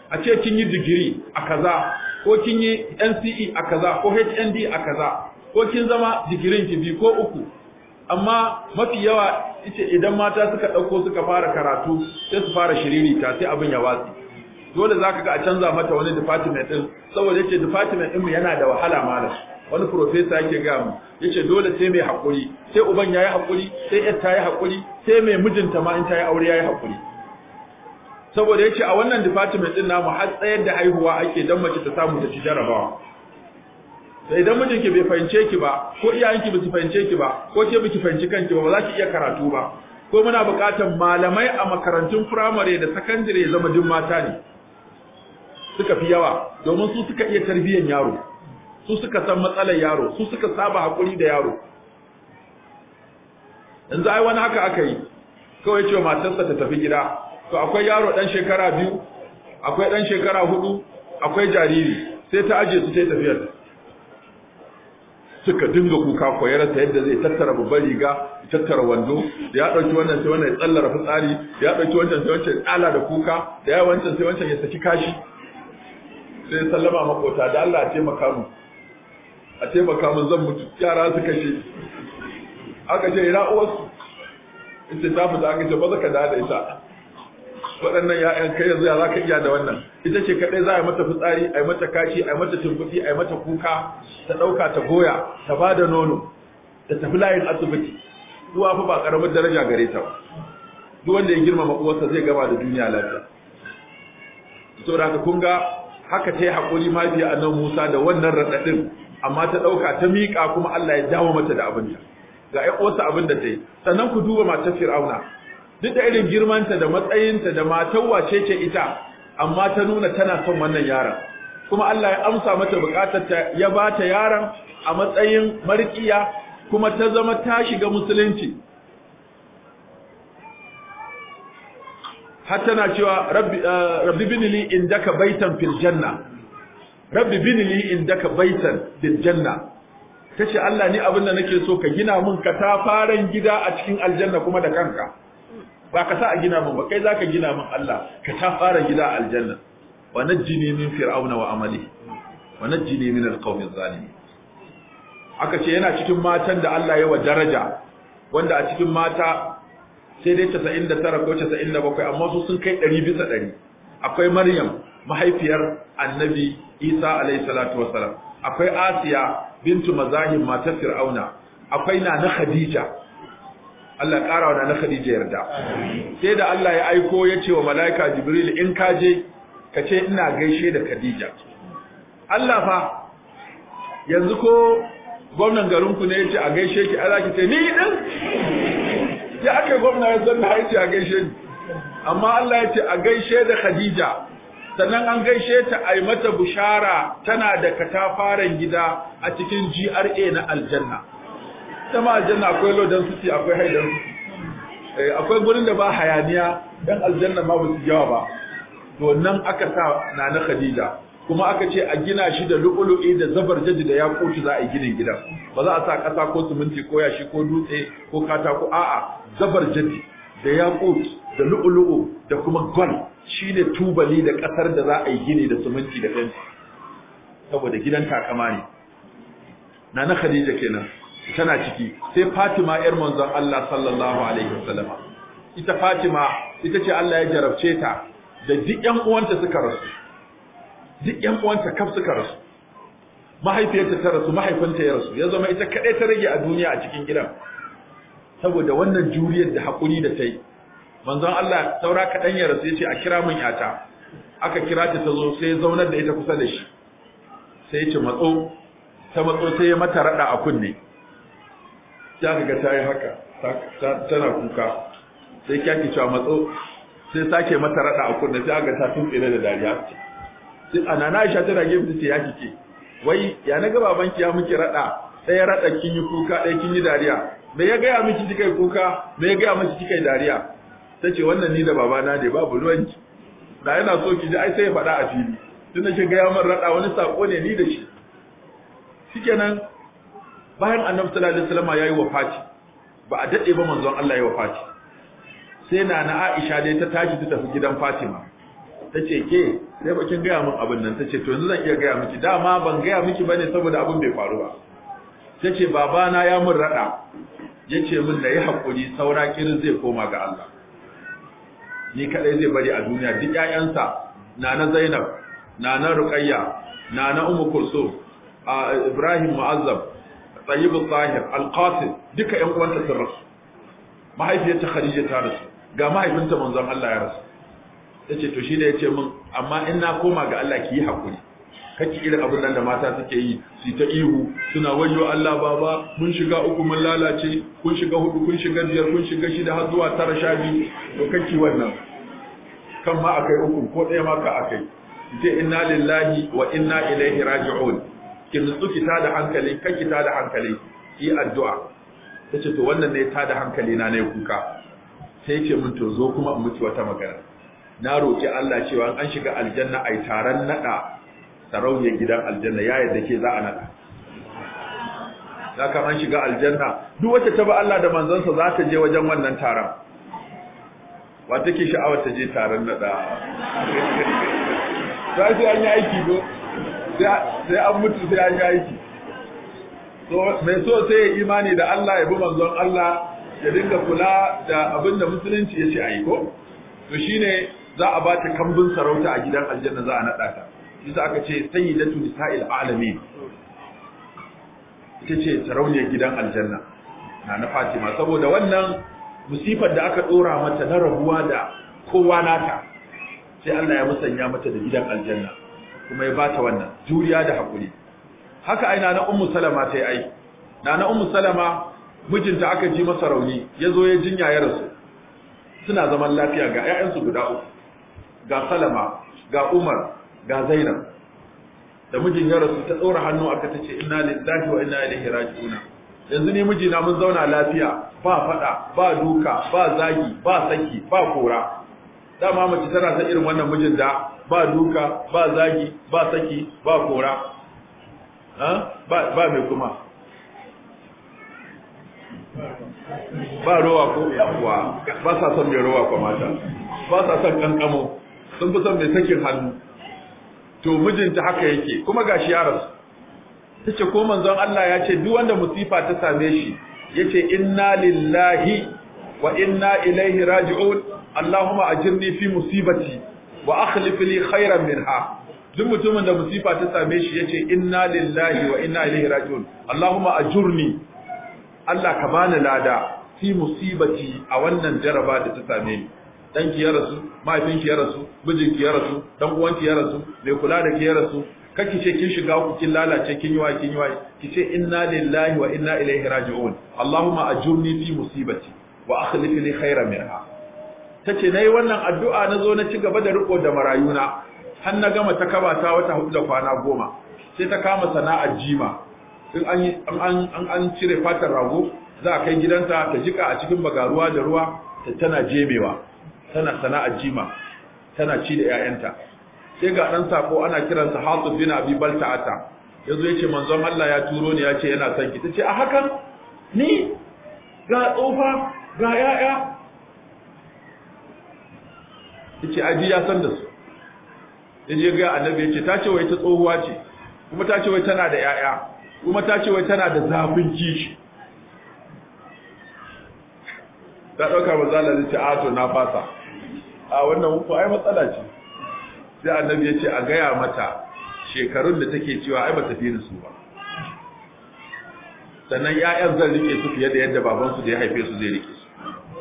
a ce kin yi digiri a kaza ko kin yi NCE a kaza ko HND a kaza ko kin zama digirin ki biyu ko uku amma mafi yawa ita idan mata suka ɗauko suka fara karatu sai su fara shiriri ta sai abin ya watsi dole za ka ga a canza mata wani department din saboda yace department mu yana da wahala malam wani profesa yake ga mu yace dole sai mai haƙuri sai uban yayi haƙuri sai yar ta yi haƙuri sai mai mijinta ma in ta yi aure yayi haƙuri saboda yace a wannan department ɗin namu har tsayar da haihuwa ake dan mace ta samu ta ci jarabawa da idan mijinki bai fahimce ki ba ko iyayenki ba su fahimce ki ba ko ke biki fahimci kanki ba ba za ki iya karatu ba ko muna buƙatar malamai a makarantun firamare da sakandare zama jin mata ne suka fi yawa domin su suka iya tarbiyyar yaro su suka san matsalar yaro su suka saba hakuri da yaro yanzu ai wani haka aka yi kawai ce matarsa ta tafi gida to akwai yaro dan shekara biyu akwai dan shekara hudu akwai jariri sai ta aje su ta tafiyar suka dinga kuka koyararta yadda zai tattara babbar riga tattara wando da ya ɗauki wannan sai wannan ya tsallara fitsari da ya ɗauki wancan sai wancan ya da kuka da ya wancan sai wancan ya saki kashi sai sallama makota da Allah a taimaka mu a taimaka mu zan mutu yara su kashe aka ce ina uwarsu ita ta fita aka ce ba za ka da ita waɗannan ya'yan kai yanzu ya za ka iya da wannan ita ce kaɗai za a yi mata fitsari a yi mata kashi a yi mata tumbuti a yi mata kuka ta ɗauka ta goya ta ba da nono ta tafi layin asibiti duwa fa ba ƙaramin daraja gare ta duk wanda ya girmama uwarsa zai gama da duniya lafiya saboda haka kun ga haka ta yi hakuri ma biya nan Musa da wannan raɗaɗin amma ta ɗauka ta miƙa kuma Allah ya dawo mata da abinta ga ƴan uwarsa abin da ta yi sannan ku duba matar Fir'auna duk da irin girmanta da matsayinta da matar wace ce ita amma ta nuna tana son wannan yaron kuma Allah ya amsa mata buƙatar ta ya ba ta yaron a matsayin marƙiya kuma ta zama ta shiga musulunci har tana cewa rabbi eh, binili indaka baitan fil janna rabbi binili indaka baitan fil janna tace Allah ni abin da nake so ka gina min katafaren gida a cikin aljanna kuma da kanka ba ka sa a gina min ba kai zaka gina min Allah katafaren gida a aljanna wa najjini min fir'auna wa amali wa najjini min alqawmi zalimin aka ce yana cikin matan da Allah ya wa daraja wanda a cikin mata sai dai da tara ko da bakwai amma su sun kai ɗari bisa ɗari, akwai maryam mahaifiyar annabi isa alayhi salatu wasalam akwai asiya bintu mazahim matar fir'auna akwai na na khadija Allah ƙara wa na khadija yarda sai da Allah ya aiko ya ce wa mala'ika jibril in ka je ka ce ina gaishe da khadija Allah fa yanzu ko gwamnan garinku ne ya ce a gaishe ki ala ki ce ni din ya aka gwamna ya zanna ya ce a gaishe ni amma Allah ya ce a gaishe da Khadija sannan an gaishe ta a yi mata bushara tana da katafaren gida a cikin GRA na aljanna ta ma aljanna akwai lodan suci akwai haidar suci eh, akwai gurin da ba hayaniya dan aljanna ma ba su yawa ba to nan aka sa na na Khadija kuma aka ce a gina shi da lu'ulu'i da zabarjaji da yakuti za a yi ginin gidan ba za a sa ƙasa ko siminti ko yashi ko dutse ko katako a'a zabarjaji da yakut da lu'ulu'u da kuma gwal shine tubali da ƙasar da za a yi gini da siminti da fenti saboda gidan takama ne nana khadija kenan tana ciki sai fatima yar manzon Allah sallallahu alaihi wasallama ita fatima ita ce Allah ya jarabce ta da duk ƴan uwanta suka rasu duk yan uwanta kaf suka rasu mahaifiyarta ta rasu mahaifinta ya rasu ya zama ita kaɗai ta rage a duniya a cikin gidan saboda wannan juriyar da haƙuri da ta yi manzon Allah saura kaɗan ya rasu ya ce a kira min yata aka kira ta ta zo sai zaunar da ita kusa da shi sai ce matso ta matso sai ya mata raɗa a kunne ya ga ta yi haka tana kuka sai kyaki cewa matso sai sake mata raɗa a kunne sai ga ta tuntsire da dariya sai ana na Aisha tana gefe ta ce ya kike wai ya na ga babanki ya miki rada ɗaya rada kin yi kuka dai kin yi dariya me ya gaya miki kika kuka me ya gaya miki kika dariya ta ce wannan ni da babana ne babu ruwanki da yana so ki ji ai sai ya faɗa a fili tun da shi gaya min rada wani sako ne ni da shi shikenan bayan annabi sallallahu alaihi wasallam yayi wafati ba a dade ba manzon Allah ya wafati sai na na Aisha dai ta tashi ta tafi gidan Fatima ta ce ke sai ba kin gaya min abin nan ta ce to yanzu zan iya gaya miki dama ban gaya miki bane saboda abin bai faru ba ta ce babana ya mun raɗa ya ce min da yi hakuri saura kirin zai koma ga Allah ni kadai zai bari a duniya duk ƴaƴansa na na zainab na na ruƙayya na na umu ibrahim mu'azzab Tahir Al-qasim duka ƴan uwanta sun rasu mahaifiyarta khadija ta rasu ga mahaifinta manzon Allah ya rasu ce to shi da ya ce min amma in na koma ga Allah ki yi hakuri kake irin abin nan da mata suke yi su ta ihu suna wayo Allah baba mun shiga uku mun lalace kun shiga hudu kun shiga biyar kun shiga shida har zuwa tara sha biyu to kake wannan kan ma akai uku ko ɗaya ma ka akai ce inna lillahi wa inna ilaihi raji'un ki nutsu ki tada hankali kan ki tada hankali ki addu'a tace to wannan ne tada hankali na ne kuka sai ce mun to zo kuma mu ci wata magana na roki Allah cewa an shiga aljanna ai taron nada sarauniyar gidan aljanna ya yadda ke za a nada zaka an shiga aljanna duk wacce ta ba Allah da manzansa za ta je wajen wannan taron wa take sha'awa ta je taron nada sai <laughs> sai an yi aiki do sai an mutu sai an yi aiki so mai so sai imani da Allah ya bi manzon Allah ya dinga kula da abin da musulunci ya ce a ko to shine za a ba ta kambun sarauta a gidan aljanna za a naɗa ta shi sa aka ce sayyidatu nisa'il alamin ita ce sarauniyar gidan aljanna na na Fatima saboda wannan musifar da aka dora mata na rabuwa da kowa nata sai Allah ya musanya mata da gidan aljanna kuma ya bata wannan juriya da hakuri haka ai na ummu salama tai ai na ummu salama mijinta aka ji masa rauni yazo ya jinya ya rasu suna zaman lafiya ga ƴaƴansu guda uku ga salama ga umar ga zainab da mijin ya rasu ta tsora hannu aka ta ce inna lillahi wa inna ilaihi raji'una yanzu miji mijina mun zauna lafiya ba faɗa ba duka ba zagi ba saki ba kora dama mace tana ta irin wannan mijin da ba duka ba zagi ba saki ba kora ba mai kuma ba rowa ko yawa ba sa son me rowa kwa mata ba sa son kankamo sun fi son mai sakin hannu to mijinta haka yake kuma gashi ya rasu ta ce ko manzon Allah ya ce duk wanda musifa ta same shi ya ce inna lillahi wa inna ilaihi raji'un Allahumma ajirni fi musibati wa akhlif li khairan minha duk mutumin da musifa ta same shi ya ce inna lillahi wa inna ilaihi raji'un Allahumma ajurni Allah ka bani lada fi musibati a wannan jaraba da ta same ni danki ya rasu ki ya rasu mijinki ya rasu dan uwan ki ya rasu mai kula da ki ya rasu kake ce kin shiga ku kin lalace kin yi wa kin yi wa ki ce inna lillahi wa inna ilaihi raji'un allahumma ajurni fi musibati wa akhlif li khayra minha tace nayi wannan addu'a na zo na ci gaba da riko da marayuna har na gama ta kaba ta wata hudu da kwana goma sai ta kama sana'ar jima in an an an cire fatar rago za a kai gidanta ta jika a cikin bagaruwa da ruwa ta tana jemewa tana sana'ar jima tana ci da 'ya'yanta sai ga ɗan sako ana kiransa hatsu bin abi balta'ata ya zo ya ce manzon Allah ya turo ni ya ce yana son ki ta ce a hakan ni ga tsofa ga 'ya'ya ya ce aji ya san da su ya je ga annabi ya ce ta ce wai ta tsohuwa ce kuma ta ce wai tana da 'ya'ya kuma ta ce wai tana da zafin kishi ta ɗauka manzon Allah ya ce a to na fasa a wannan hukun ai matsala ce sai annabi ya ce a gaya mata shekarun da take cewa ai ba ta fi su ba sannan 'ya'yan zan rike su fiye da yadda babansu da ya haife su zai rike su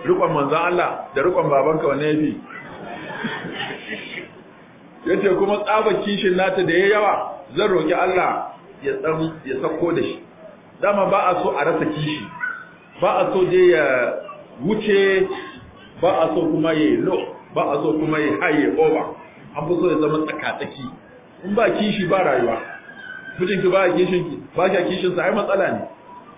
rikon manzon Allah da rikon babanka wanne yafi yace kuma tsaba kishin nata da yayi yawa zan roki Allah ya tsan ya sako da shi dama ba a so a rasa kishi ba a so dai ya wuce ba a so kuma yayi lo ba a so kuma ya haye over an fi so ya zama tsakatsaki in ba kishi ba rayuwa mijinki ba kishin ki ba ka kishin sa ai matsala ne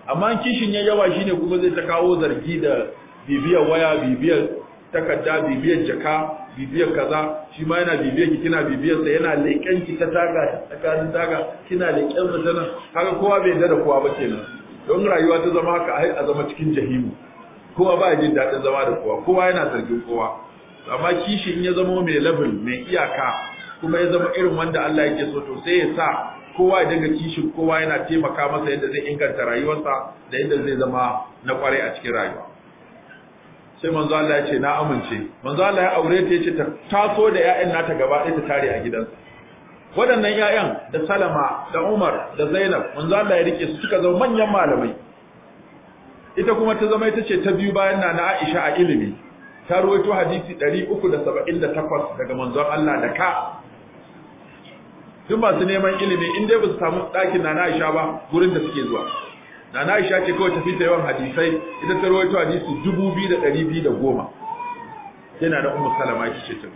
amma kishin ya yawa shine kuma zai ta kawo zargi da bibiyar waya bibiyar takarda bibiyar jaka bibiyar kaza shi ma yana bibiyar ki kina bibiyar sa yana leƙen ki ta taga tsakanin taga kina leƙen sa tana haka kowa bai da kowa ba kenan don rayuwa ta zama haka a zama cikin jahimu kowa ba ya jin daɗin zama da kowa kowa yana zargin kowa amma kishin ya zama mai level mai iyaka kuma ya zama irin wanda Allah yake so to sai ya sa kowa ya daga kishin kowa yana taimaka masa yadda zai inganta rayuwarsa da yadda zai zama na kwarai a cikin rayuwa sai manzo Allah ya ce na amince manzo Allah ya aure ta yace ta taso da 'ya'yan nata gaba ɗaya ta tare a gidansa waɗannan 'ya'yan da Salama da Umar da Zainab manzo Allah ya rike su suka zama manyan malamai ita kuma ta zama ita ce ta biyu bayan na Aisha a ilimi ta ruwaito hadisi 378 daga manzon Allah da ka duk masu neman ilimi in dai ba su samu ɗakin Nana Aisha ba gurin da suke zuwa Nana Aisha ce kawai tafi ta yawan hadisai ita ta rawaito hadisi 2210 yana da Ummu Salama ki ce ta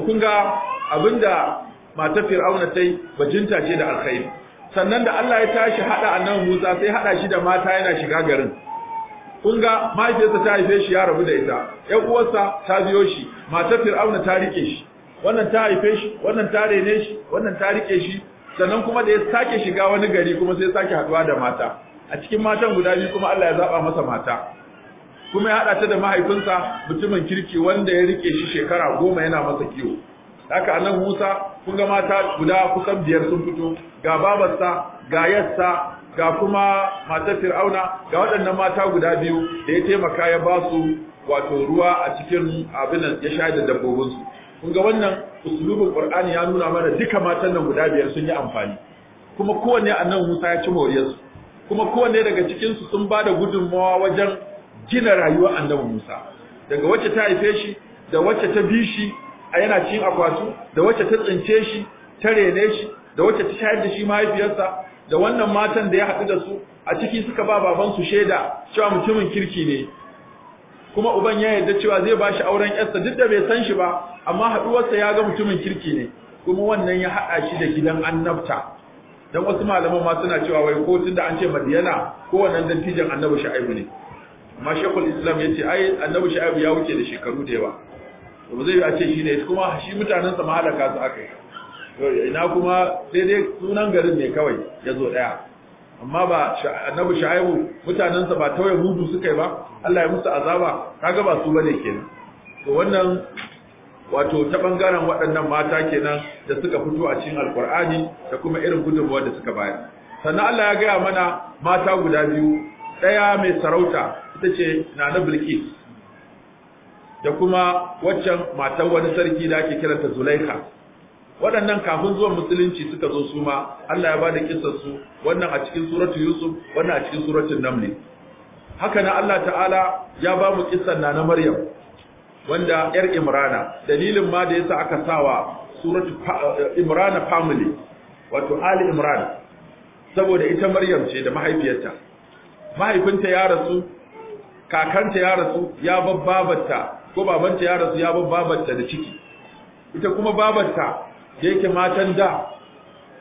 kun ga abinda matar Fir'auna tai bajinta ce da alkhairi sannan da Allah ya tashi hada annabi Musa sai hada shi da mata yana shiga garin kun ga mahaifiyarsa ta haife shi ya rabu da ita ƴan uwarsa ta biyo shi matar fir'auna ta rike shi wannan ta haife shi wannan ta rene shi wannan ta rike shi sannan kuma da ya sake shiga wani gari kuma sai sake haɗuwa da mata a cikin matan guda biyu kuma Allah ya zaba masa mata kuma ya hada ta da mahaifinsa mutumin kirki wanda ya rike shi shekara goma yana masa kiwo haka anan Musa kun ga mata guda kusan biyar sun fito ga babarsa ga yarsa ga kuma matar fir'auna ga waɗannan mata guda biyu da ya taimaka ya ba su wato ruwa a cikin abin ya sha da dabbobinsu kun ga wannan usulubin qur'ani ya nuna mana duka matan nan guda biyar sun yi amfani kuma kowanne annabi Musa ya ci moriyarsu kuma kowane daga cikin su sun da gudunmawa wajen gina rayuwar annabi Musa daga wacce ta haife shi da wacce ta bi shi a yana cin akwatu da wacce ta tsince shi ta rene shi da wacce ta shayar da shi mahaifiyarsa da wannan matan da ya haɗu da su a ciki suka ba babansu shaida cewa mutumin kirki ne kuma uban ya yarda cewa zai ba shi auren yarsa duk da bai san shi ba amma haɗuwarsa ya ga mutumin kirki ne kuma wannan ya haɗa shi da gidan annabta dan wasu malaman ma suna cewa wai ko da an ce madiyana ko wannan dattijan annabi sha'ibu ne amma shekul islam ya ce ai annabi sha'ibu ya wuce da shekaru da yawa to zai a ce shi ne kuma shi mutanen sa mahalaka su aka yi ina kuma sai dai sunan garin ne kawai ya zo ɗaya amma ba annabi shu'aibu mutanensa ba tawaye hudu suka yi ba Allah ya musu azaba kaga ba su bane kenan to wannan wato ta bangaren waɗannan mata kenan da suka fito a cikin alkur'ani da kuma irin gudunmuwa da suka bayar sannan Allah ya gaya mana mata guda biyu ɗaya mai sarauta ita ce nana bilkis da kuma waccan matan wani sarki da ake kiranta zulaika waɗannan kafin zuwan musulunci suka zo su ma Allah ya bada kissar su wannan a cikin suratu Yusuf wannan a cikin suratul Naml haka nan Allah ta'ala ya ba mu kissar na na Maryam wanda yar Imrana dalilin ma da yasa aka sawa suratu eh, Imrana family wato Ali Imran saboda ita Maryam ce da mahaifiyarta mahaifinta ya rasu kakanta ya rasu ya babbabarta ko babanta ya rasu ya babbabarta da ciki ita kuma babarta da yake matan da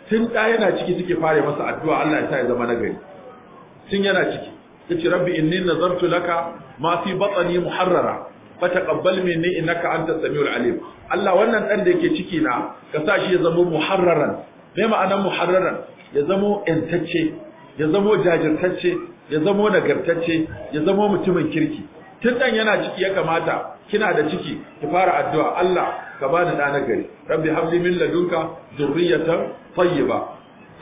tun ɗa yana ciki suke fara masa addu'a Allah ya sa ya zama nagari tun yana ciki yace rabbi inni nazartu laka ma fi batni muharrara taqabbal minni innaka antas samiul alim Allah wannan dan da yake ciki na ka sa shi ya zama muharraran me ma'anar muharraran ya zama entacce ya zama jajirtacce ya zama nagartacce ya zama mutumin kirki tun dan yana ciki ya kamata kina da ciki ki fara addu'a Allah ka bani da nagari rabbi habli min ladunka zurriyatan tayyiba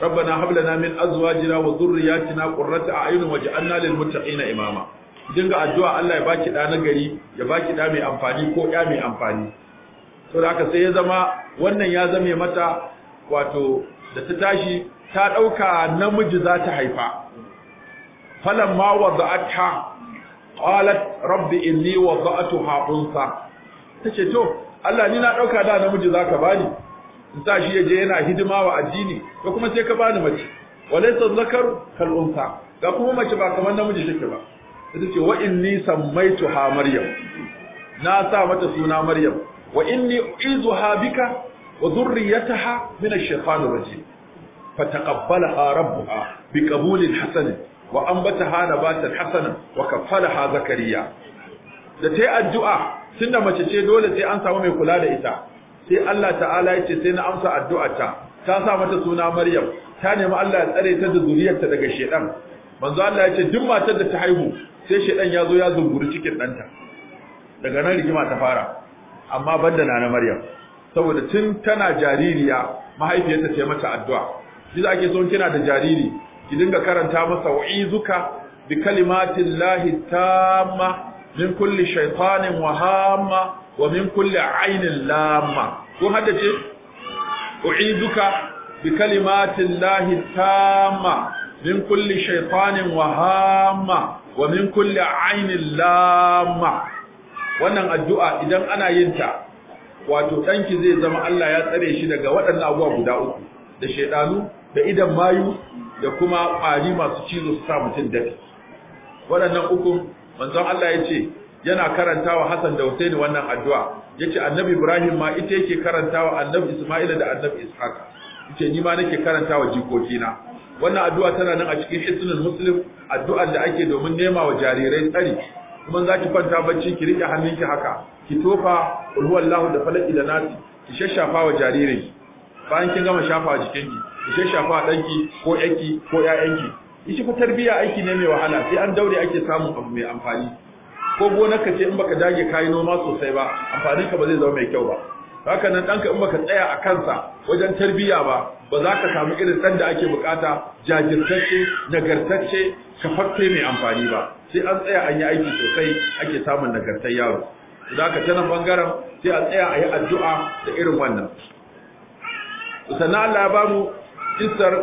rabbana hab lana min azwajina wa zurriyatina qurrata a'yun waj'alna lil muttaqina imama dinga addu'a Allah ya baki dana nagari ya baki da mai amfani ko ya mai amfani to haka sai ya zama wannan ya zame mata wato da ta tashi ta dauka namiji za ta haifa falamma wada'atha qalat rabbi inni wada'tuha unsa tace to Allah ni na dauka da namiji zaka bani in sa shi yaje yana hidima wa addini to kuma sai ka bani mace walaysa zakar kal unsa ga kuma mace ba kamar namiji take ba tace wa inni sammaituha maryam na sa mata suna maryam wa inni izuha bika wa dhurriyataha min ash-shaytanir rajim fataqabbalaha rabbuha biqabulin hasanin wa hana bata hasana wa ha zakariya da tayi addu'a tunda mace ce dole sai an samu mai kula da ita sai Allah ta'ala ya ce sai na amsa addu'arta ta sa mata suna Maryam ta nemi Allah ya tsare ta da zuriyarta daga shedan manzo Allah ya ce duk matar da ta haihu sai shedan ya zo ya zunguri cikin danta daga nan rigima ta fara amma banda na Maryam saboda tun tana jaririya mahaifiyarta ta ce mata addu'a shi ake son kina da jariri ki dinga karanta masa wa'izuka bi kalimatin lahi tamma min kulli wa wahama wa min kulli ainin lamma kun haddace Wa'izuka bi kalimatin lahi tamma min kulli wa wahama wa min kulli ainin lamma wannan addu'a idan ana yin ta wato danki zai zama Allah ya tsare shi daga waɗannan abubuwa guda uku da shaidanu da idan mayu da kuma ƙwari masu cizo su sa mutum dafi waɗannan uku manzon Allah ya ce yana karantawa Hassan da Husaini wannan addu'a yace Annabi Ibrahim ma ita yake karantawa Annabi Isma'ila da Annabi Ishaq yace ni ma nake karantawa jikokina wannan addu'a tana nan a cikin sunan Muslim addu'ar da ake domin nema wa jarirai tsari kuma za ki kwanta bacci ki rike hannunki haka ki tofa ulhuwallahu da falaki da nasi ki shashafa wa jaririn bayan kin gama shafa jikinki ya shafa ɗanki ko yanki ko ya'yanki ishi fa tarbiya aiki ne mai wahala sai an daure ake samun abu mai amfani ko gonarka ce in baka dage kayi noma sosai ba ka ba zai zama mai kyau ba haka nan ɗanka in baka tsaya a kansa wajen tarbiya ba ba za ka samu irin ɗan da ake bukata jajirtacce nagartacce kafafe mai amfani ba sai an tsaya an yi aiki sosai ake samun nagartar yaro idan ka tana bangaren sai a tsaya a yi addu'a da irin wannan sannan Allah ya bamu kisar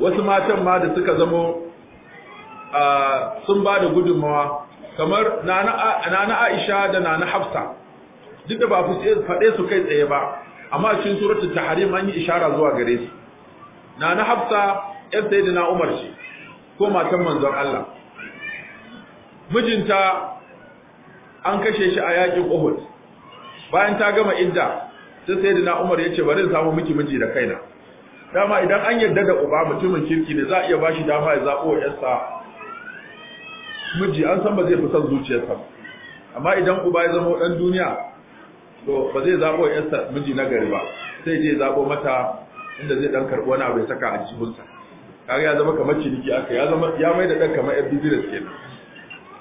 wasu matan ma da suka zamo sun ba da gudunmawa kamar nana aisha da nana hafsa duk da ba ku faɗe su kai tsaye ba amma cikin suratul tahrim an yi ishara zuwa gare su nana hafsa yar sayyidina umar ce ko matan manzon Allah mijinta an kashe shi a yakin Uhud bayan ta gama idda sai na Umar ya ce bari in samu miki miji da kaina dama idan an yarda da uba mutumin kirki ne za a iya bashi dama ya zaɓo wa ƴarsa miji an san ba zai fi son zuciyarsa amma idan uba ya zama ɗan duniya to ba zai zaɓo wa ƴarsa miji na gari ba sai je zaɓo mata inda zai ɗan karɓi wani abu ya saka a jihunsa kaga ya zama kamar ciniki aka ya zama ya mai da ɗan kamar yan business kenan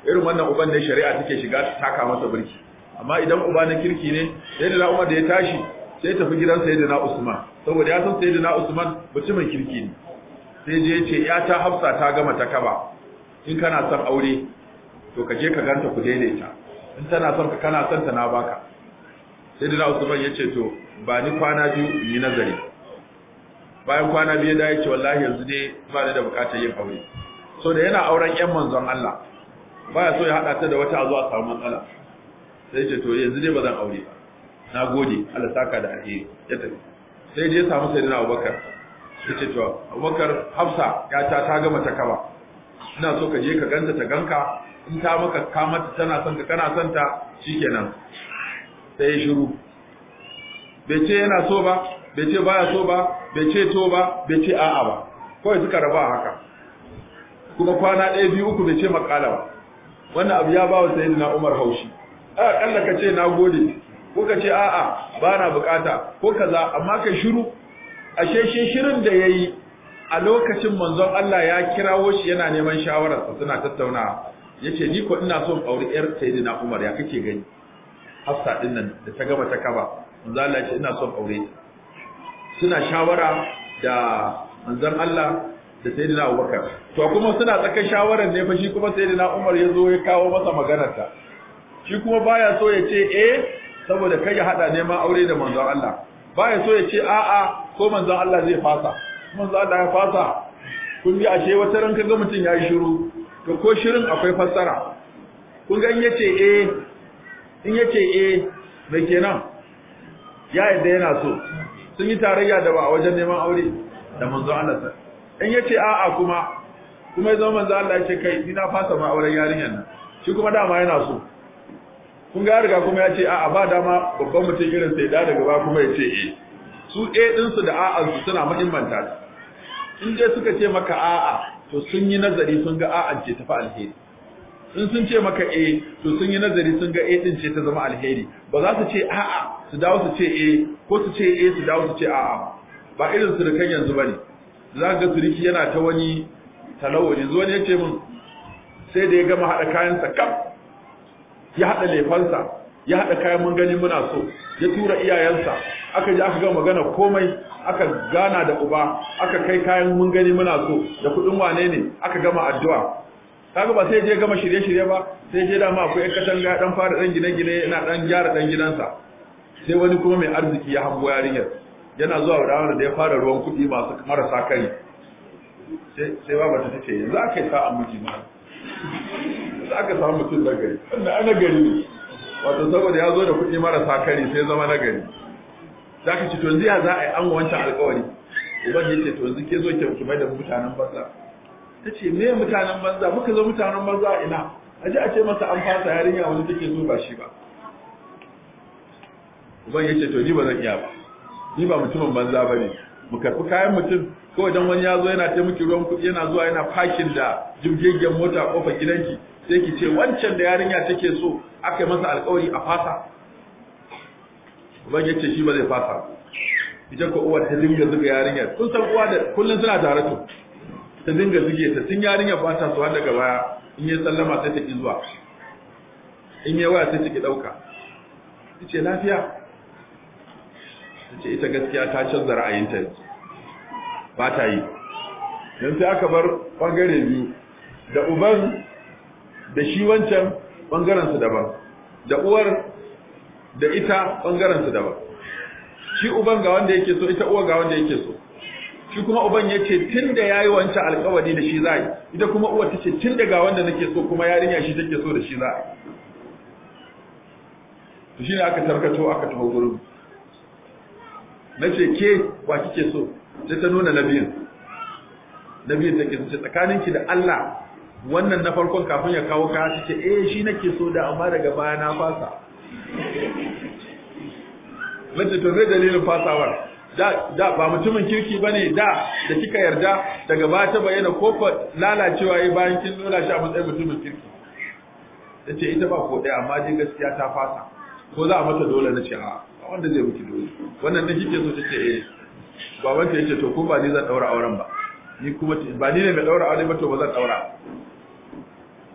irin wannan uban ne shari'a take shiga ta taka masa birki amma idan uba na kirki ne sai da Umar da ya tashi sai tafi gidan sayyidina Usman saboda ya san sayyidina Usman mutumin kirki ne sai je yace, ya ta Hafsa ta gama ta kaba in kana son aure to ka je ka ganta ku daidaita in tana son ka kana son ta na baka sayyidina Usman ya ce to ba ni kwana biyu yi nazari bayan kwana biyu da yace ce wallahi yanzu dai ba ni da bukatar yin aure so da yana auren yan manzon Allah baya so ya hada ta da wata a zuwa samu matsala sai ce to yanzu dai ba zan aure ba na gode Allah saka da alheri ya tafi sai dai ya samu dana Abubakar ya ce to Abubakar Hafsa ya ta ta gama ta kaba ina so ka je ka ganta ta ganka in ta maka kamata tana son ka kana son ta shikenan sai ya shiru bai ce yana so ba bai ce baya so ba bai ce to ba bai ce a'a ba kawai suka raba haka kuma kwana ɗaya biyu uku bai ce makala ba wannan abu ya ba wa sayyidina Umar haushi a kalla ka ce na gode ko ka ce a'a ba na bukata ko kaza amma kai shiru ashe shi shirin da yayi a lokacin manzon Allah ya kirawo shi yana neman shawararsa suna tattaunawa yace ni ko ina son aure yar sayyidina Umar ya kake gani Hafsa din nan da ta gama ta kaba manzon Allah ya ce ina son aure suna shawara da manzon Allah da sayyidina Abubakar to kuma suna tsaka shawaran ne fa shi kuma sayyidina Umar ya zo ya kawo masa maganar ta shi kuma baya so ya ce eh saboda kai ya hada neman aure da manzon Allah Ba ya so ya ce a'a ko manzon Allah zai fasa manzon Allah ya fasa kun bi ashe wata ran kaga mutum yayi shiru to ko shirin akwai fassara kun ga in yace eh in yace eh mai kenan ya yadda yana so sun yi tarayya da ba a wajen neman aure da manzon Allah sa in yace a'a kuma kuma ya zama manzon Allah ya ce kai ina fasa ma auren yarinyar nan shi kuma dama yana so kun ga riga kuma ya ce a ba dama babban mutum irin sai da daga ba kuma ya ce eh su e din su da a'a su suna muhimmanta in dai suka ce maka a'a to sun yi nazari sun ga a'a ce tafi alheri in sun ce maka eh to sun yi nazari sun ga eh din ce ta zama alheri ba za su ce a'a su dawo su ce eh ko su ce eh su dawo su ce a'a ba irin su da kan yanzu bane za ga suriki yana ta wani talawali zuwa ne ya ce min sai da ya gama haɗa kayansa kaf ya haɗa lefansa ya haɗa kayan mun gani muna so ya tura iyayensa aka ji aka ga magana komai aka gana da uba aka kai kayan mun gani muna so da kuɗin wane ne aka gama addu'a kaga ba sai je gama shirye-shirye ba sai je dama akwai ƴan katanga ɗan fara ɗan gine-gine yana ɗan gyara ɗan gidansa sai wani kuma mai arziki ya hango yarinyar yana zuwa da da ya fara ruwan kuɗi masu marasa kai sai ba ta ce yanzu aka yi sa'a miji ma da aka samu mutum na gari wanda ana gari ne wato saboda ya zo da kuɗi marasa kari sai zama na gari za ka ci to yanzu ya za a yi an wancan alkawari uban ya ce to yanzu ke zo ki mai da mutanen banza ta ce me mutanen banza muka zo mutanen banza a ina a ji a ce masa an fasa yarinya wani take zo ba shi ba uban ya ce to ni ba zan iya ba ni ba mutumin banza ba ne mu karbi kayan mutum kawai dan wani ya zo yana ta miki ruwan kuɗi yana zuwa yana fakin da jirgin mota a ƙofar gidanki sai ki ce wancan da yarinya take so aka yi masa alƙawari a fasa ba yace ce shi ba zai fasa idan ko uwa ta dinga zuga yarinya. kun san uwa da kullun suna tare to ta dinga zuge ta tun yarinya ba ta har daga baya in ya sallama sai ta ki zuwa in ya waya sai ta ki ɗauka ce lafiya ce ita gaskiya ta canza ra'ayinta ba ta yi don sai aka bar ɓangare biyu da uban da shi wancan ɓangarensu daban da uwar da ita ɓangarensu daban shi uban ga wanda yake so ita uwa ga wanda yake so shi kuma uban ya ce tun da ya yi wancan alkawari da shi za yi ita kuma uwa ta ce tun da ga wanda nake so kuma yarinya shi take so da shi za yi shi ne aka tarkato aka taho gurin na ce ke wa kike so sai ta nuna nabiyin nabiyin take ce tsakaninki da Allah wannan na farkon kafin ya kawo ka ta ce eh shi nake so da amma daga baya na fasa nace to zai dalilin fasawar da da ba mutumin kirki bane da da kika yarda daga baya ta bayyana ko fa lalacewa yayi bayan kin lola shi a matsayin mutumin kirki tace ita ba ko daya amma dai gaskiya ta fasa ko za a mata dole na ce a'a wanda zai wuce dole wannan ne ke so take eh baban ta yace to ko ba ni zan daura auren ba ni kuma ba ni ne mai daura aure ba to ba zan daura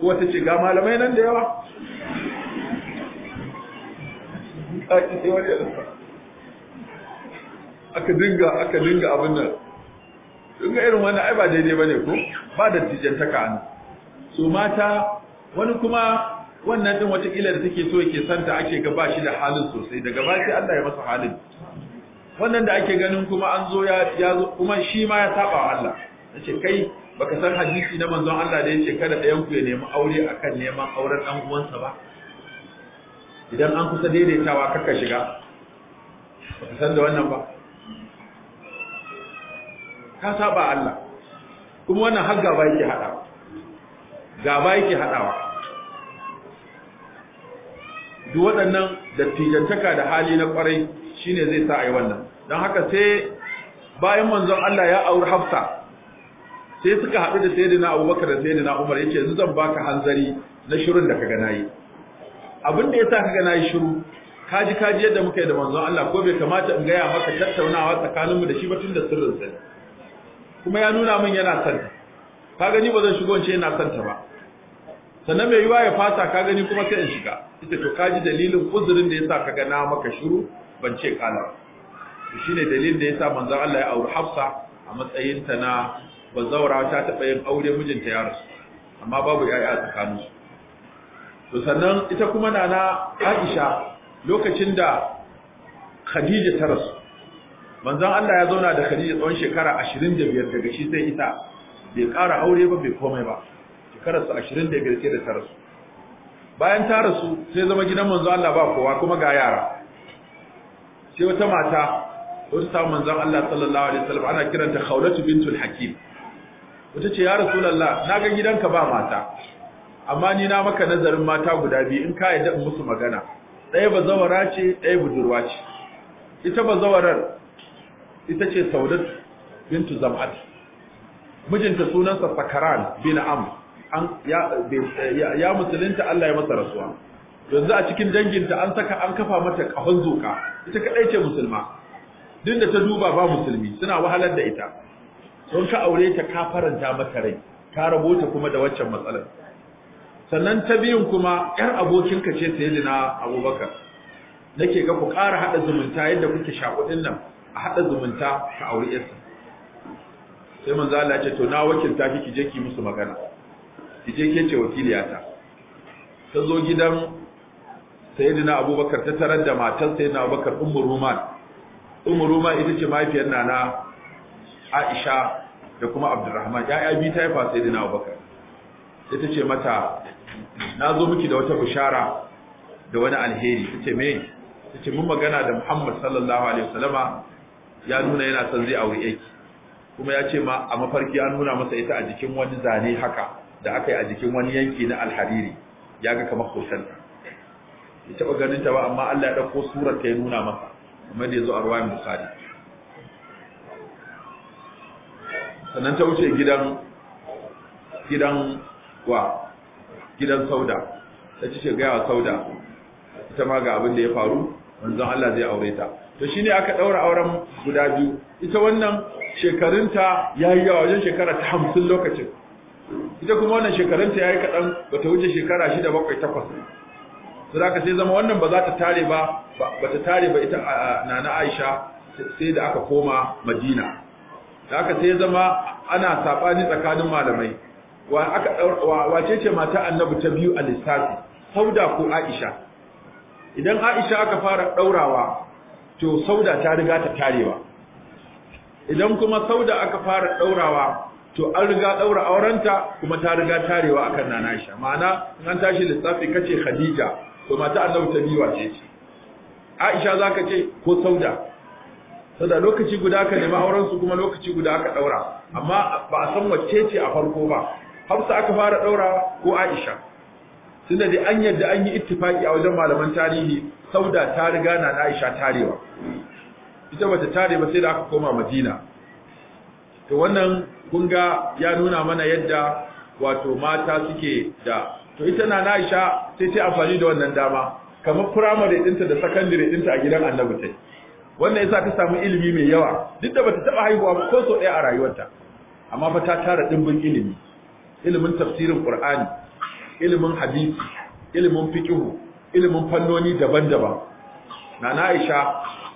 ko ta ce ga malamai nan da yawa aka dinga aka dinga abin nan ga irin wannan ai ba daidai bane ko ba da tijantaka ne so mata wani kuma wannan din wata kila da take so yake santa ake ga ba shi da halin sosai daga ba sai Allah ya masa halin wannan da ake ganin kuma an zo ya ya zo kuma shi ma ya saba wa Allah nace kai baka san hadisi na manzon Allah da yace kada ɗayan ku ya nemi aure akan neman auren dan uwansa ba idan an kusa daidaitawa kaka shiga baka san da wannan ba ka saba Allah kuma wannan har gaba yake hada gaba yake hadawa duk waɗannan dattijantaka da hali na kwarai shine zai sa a wannan don haka sai bayan manzon Allah ya auri Hafsa sai suka haɗu da sayyidina Abubakar da sayyidina Umar yace yanzu zan baka hanzari na shirin da kaga nayi abin da yasa kaga nayi shiru kaji kaji yadda muka yi da manzon Allah ko bai kamata in gaya maka tattaunawa tsakaninmu da shi ba tun da sirrin sa kuma ya nuna min yana son ka gani ba zan shigo in yana santa ba sannan mai yiwa ya fasa ka gani kuma sai in shiga ita to ka ji dalilin uzurin da yasa ka gana maka shiru ban ce kala to shine dalilin da yasa manzon Allah ya auri Hafsa a matsayin ta na bazaura ta taba yin aure mijinta ya rasu amma babu yaya tsakanin su to sannan ita kuma nana Aisha lokacin da Khadija ta rasu manzon Allah ya zauna da Khadija tsawon shekara 25 daga shi sai ita bai kara aure ba bai komai ba karasu ashirin da biyar da ta rasu bayan ta rasu sai zama gidan manzo Allah ba kowa kuma ga yara sai wata mata wata ta manzo Allah sallallahu alaihi wasallam ana kiranta Khawlatu bintul Hakim wata ce ya Rasulullah na ga gidanka ba mata amma ni na maka nazarin mata guda biyu in ka yadda in musu magana ɗaya bazawara ce ɗaya budurwa ce ita bazawarar ita ce Saudat bintu Zam'at mijinta sunansa Sakaran bin Amr ya musulunta Allah ya masa rasuwa yanzu a cikin danginta an saka an kafa mata kahon zoka ita kadai ce musulma duk da ta duba ba musulmi suna wahalar da ita don ka aure ta ka faranta mata rai ka rabo ta kuma da waccan matsalar sannan ta biyun kuma yar abokinka ce sayyidina Abubakar nake ga ku ƙara hada zumunta yadda kuke shakudin nan a hada zumunta ka aure sai manzo Allah ya ce to na wakilta kiki je ki musu magana ki je ke ce wakiliyata ta zo gidan sayyidina abubakar ta tarar da matar sayyidina abubakar ummu ruman ummu ruman ita ce mahaifiyar nana aisha da kuma abdurrahman ya'ya biyu ta haifa sayyidina abubakar ita ce mata na zo miki da wata bishara da wani alheri ta ce me ta ce mun magana da muhammad sallallahu alaihi wasallama ya nuna yana son zai aure ki kuma ya ce ma a mafarki ya nuna masa ita a jikin wani zane haka da aka yi a jikin wani yanki na alhariri ya ga kamar ta. ya taɓa ganin ta ba amma Allah ya ɗauko surar ta ya nuna maka. kamar da ya zo a ruwayan bukari sannan ta wuce gidan gidan wa gidan sauda ta ci shiga wa sauda ita ma ga abin da ya faru manzon Allah zai aure ta to shine aka daura auren guda biyu ita wannan shekarunta yayi yawa wajen shekara ta 50 lokacin ita kuma wannan shekarunta yayi kadan ta wuce shekara shida bakwai takwas sai ka sai zama wannan ba za ta tare ba ba ta tare ba ita nana Aisha sai da aka koma Madina da aka sai zama ana sabani tsakanin malamai wa aka wace ce mata Annabi ta biyu a lissafi Sauda ko Aisha idan Aisha aka fara daurawa to Sauda ta riga ta tarewa idan kuma Sauda aka fara daurawa to an riga daura aurenta kuma ta riga tarewa akan nana Aisha ma'ana in an tashi lissafi kace Khadija to mata Annabi ta biwa ce ce Aisha zaka ce ko Sauda sada lokaci guda ka nemi auren su kuma lokaci guda ka daura amma ba a san wacce ce a farko ba Hafsa aka fara daura ko Aisha tunda dai an yadda an yi ittifaki a wajen malaman tarihi Sauda ta riga nana Aisha tarewa ita bata tare ba sai da aka koma Madina to wannan kunga ya nuna mana yadda wato mata suke da to ita na Aisha sai ta amfani da wannan dama kamar primary dinta da secondary dinta a gidan Annabi tai wannan yasa ta samu ilimi mai yawa duk da bata taba haihuwa ba ko so ɗaya a rayuwarta amma fa ta tara dimbin ilimi ilimin tafsirin Qur'ani ilimin hadisi ilimin fiqh ilimin fannoni daban-daban na Aisha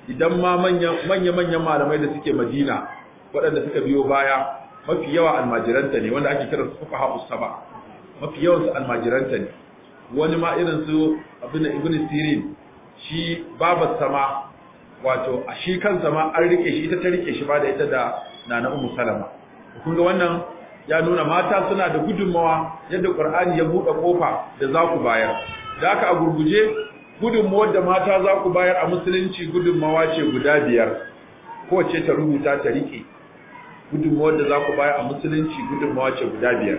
idan ma manya manyan malamai da suke Madina waɗanda suka biyo baya mafi yawa almajiranta ne wanda ake kiransu su haɓu saba mafi yawan su almajiranta ne wani ma irin su abin ibn sirin shi babar sama wato a shi kan sama an rike shi ita ta rike shi ba da ita da nana ummu salama kun ga wannan ya nuna mata suna da gudunmawa yadda qur'ani ya buɗe kofa da za ku bayar da aka a gurguje gudunmawar da mata za ku bayar a musulunci gudunmawa ce guda biyar kowace ta rubuta ta rike gudunmawar da za ku baya a musulunci gudunmawa ce guda biyar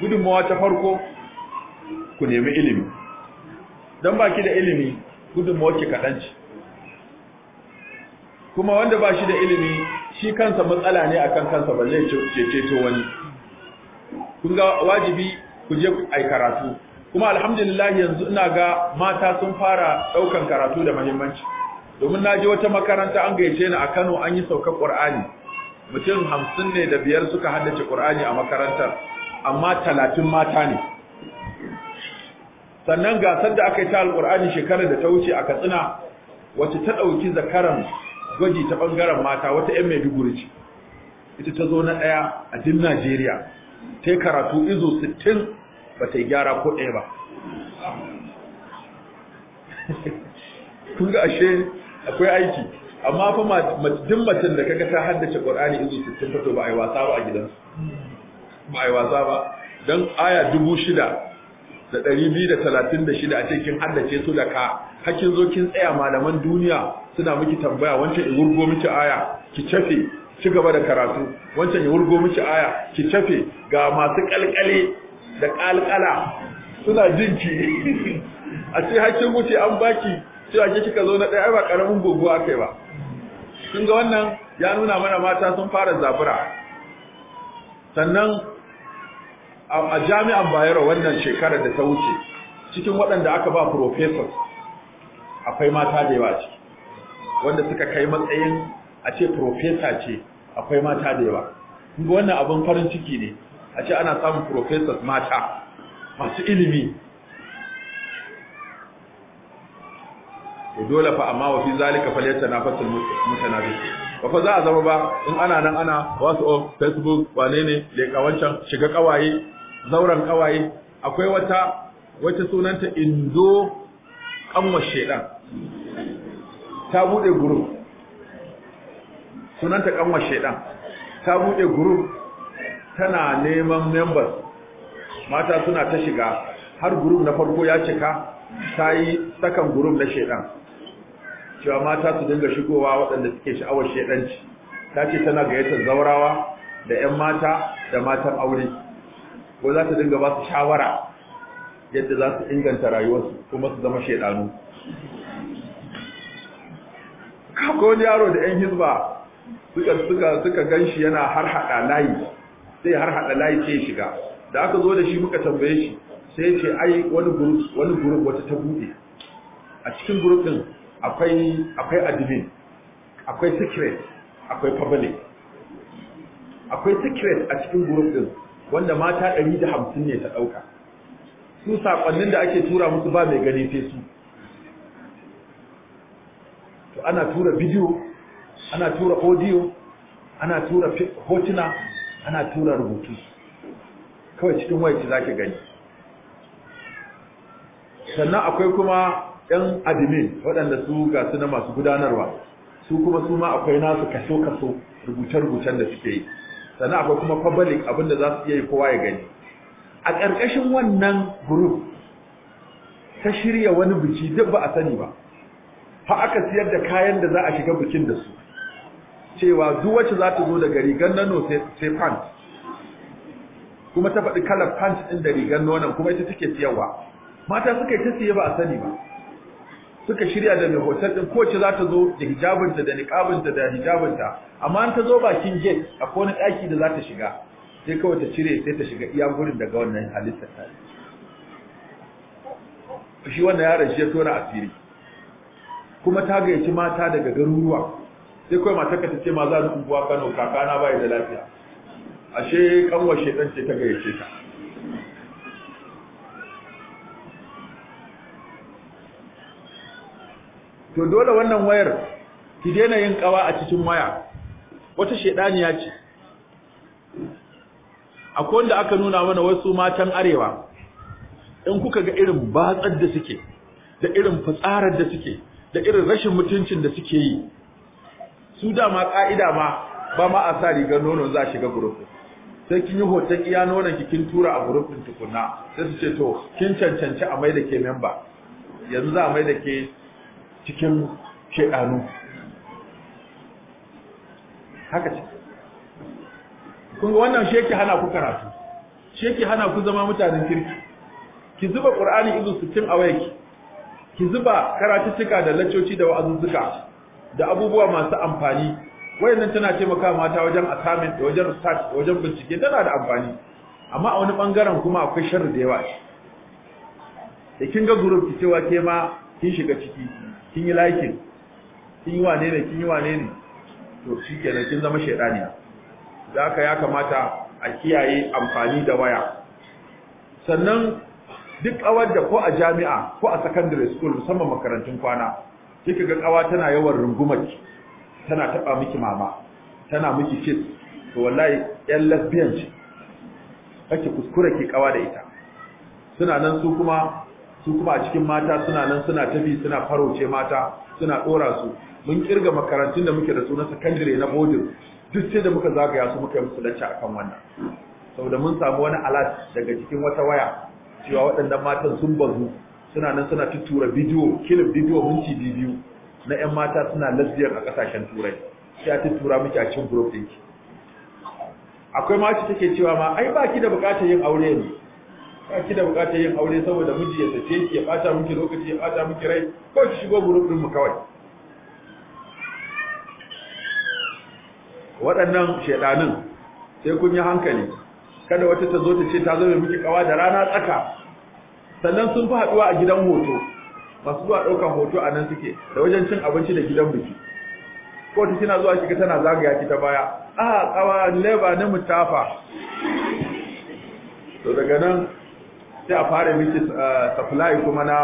gudunmawa ta farko ku nemi ilimi don baki da ilimi gudunmawar ke kaɗan ce kuma wanda ba shi da ilimi shi kansa matsala ne akan kansa zai ce ceto wani kun ga wajibi ku je ai karatu kuma alhamdulillah yanzu ina ga mata sun fara ɗaukan karatu da muhimmanci domin na je wata makaranta an gayyace ni a Kano an yi saukar Qur'ani mutum hamsin ne da biyar suka haddace ƙur'ani a makarantar amma talatin mata ne sannan gasar da aka yi ta alƙur'ani shekarar da ta wuce a katsina wacce ta ɗauki zakaran gwaji ta ɓangaren mata wata 'yan maiduguri ce ita ta zo na ɗaya a din najeriya ta karatu izo 60 ba ta yi gyara ko ɗaya ba <laughs> kun ga ashe akwai aiki amma fa duk macen da kaga ta haddace Qur'ani izu sittin fito ba ai wasa ba a gidansu ba ai wasa ba dan aya 6236 a ce kin haddace su da ka hakin zo kin tsaya malaman duniya suna miki tambaya wancan in wurgo miki aya ki cafe ci gaba da karatu wancan in wurgo miki aya ki cafe ga masu kalkale da kalkala suna jinki <laughs> a ce hakin wuce an baki cewa ke kika zo na ɗaya ba ƙaramin gogo aka yi ba kun ga wannan ya nuna mana mata sun fara zabura sannan a jami'an bayero wannan shekarar da ta wuce cikin waɗanda aka ba professors akwai mata da yawa ciki wanda suka kai matsayin a ce professor ce akwai mata da yawa kun wannan abin farin ciki ne a ce ana samun professors mata masu ilimi to dole fa amma wa fi zalika falyatanafasul mutanabi ba fa za a zama ba in ana nan ana WhatsApp, Facebook, wane ne, da kawancan shiga ƙawaye, zauren ƙawaye, akwai wata wata sunanta indo ƙanwar shedan Ta bude group Sunanta ƙanwar shedan Ta bude group tana neman members. Mata suna ta shiga har group na farko ya cika ta yi sakan gurub na shaidan cewa mata su dinga shigowa waɗanda suke sha'awar shaidanci ta ce tana gayyatar zaurawa da ƴan mata da matan aure ko za ta dinga ba su shawara yadda za su inganta rayuwarsu kuma su zama shaidanu Ko wani yaro da 'yan hizba suka suka suka ganshi yana har hada layi sai har hada layi ce shiga da aka zo da shi muka tambaye shi sai ce ai wani group wani group wata ta bude a cikin group akwai akwai admin akwai secret akwai public akwai secret a cikin group din wanda mata 150 ne ta dauka su sakonnin da ake tura musu ba mai gani sai su to ana tura bidiyo ana tura audio ana tura hotuna ana tura rubutu kawai cikin za zaki gani sannan akwai kuma yan admin waɗanda su ga su na masu gudanarwa su kuma su ma akwai nasu kaso kaso rubuce rubucen da suke yi sannan akwai kuma public abinda za su iya yi kowa ya gani a ƙarƙashin wannan group ta shirya wani biki duk ba a sani ba fa aka siyar da kayan da za a shiga bikin da su cewa duk wacce za ta zo daga rigar nano sai pant kuma ta faɗi kalar pant ɗin da rigar nonon kuma ita take siyarwa mata suka yi ta siye ba a sani ba suka shirya da mai hotel din kowace za ta zo da hijabinta da niqabinta da hijabinta amma an ta zo bakin gate akwai wani daki da za ta shiga sai kawai ta cire sai ta shiga iya gurin daga wannan halitta ta shi wannan yaron shi ya tona asiri kuma ta gayyaci mata daga garuruwa sai kawai matarka ta ce ma za ta unguwa Kano kakana bai da lafiya ashe kanwar shedan ce ta gayyace ta to dole wannan wayar ki daina yin kawa a cikin waya wata shedaniya ce akwai wanda aka nuna mana wasu matan arewa in kuka ga irin batsar da suke da irin fitsarar da suke da irin rashin mutuncin da suke yi su dama ka'ida ma ba ma a sa rigar nono za shiga gurufin sai kin yi hoton iya nonon ki kin tura a gurufin tukunna sai su ce to kin cancanci a mai da ke memba yanzu za a mai da ke cikin shekaru haka ce kun ga wannan sheki hana ku karatu sheki hana ku zama mutanen kirki ki zuba qur'ani izu 60 a wayarki ki zuba karatuttuka da laccoci da wa'azuzzuka da abubuwa masu amfani wayannan tana taimaka mata wajen assignment da wajen research da wajen bincike tana da amfani amma a wani bangaren kuma akwai sharri da yawa da kin ga group ki cewa ke ma kin shiga ciki kin yi laikin kin yi wane ne kin yi wane ne to shi kenan kin zama shaidani da ya kamata a kiyaye amfani da waya sannan duk kawar da ko a jami'a ko a secondary school musamman makarantun kwana kika ga kawa tana yawan rungumar tana taba miki mama tana miki kiss to wallahi yan lesbian ce kake kuskure ki kawa da ita suna nan su kuma su kuma a cikin mata suna nan suna tafi, suna farauce mata suna dora su mun kirga makarantun da muke da su na secondary na boarding duk sai da muka zagaya su muka yi musu lacca akan wannan saboda mun samu wani alat daga cikin wata waya cewa waɗannan matan sun bazu suna nan suna tuttura bidiyo kilif bidiyo minti biyu na 'yan mata suna lesbian a ƙasashen turai sai a tuttura miki a cikin group ɗinki akwai ma take cewa ma ai baki da buƙatar yin aure ne ba ki da bukatar yin aure saboda miji ya sace ki ya bata miki lokaci ya bata miki rai ko ki shigo gurubin mu kawai waɗannan shedanin sai kun yi hankali kada wata ta zo ta ce ta zama miki kawa da rana tsaka sannan sun fi haɗuwa a gidan hoto masu zuwa ɗaukan hoto a nan suke da wajen cin abinci da gidan biki ko ta kina zuwa kika tana zagaya ki ta baya a ah, kawa leba na mutafa to daga nan sai a fara miki eh, supply kuma na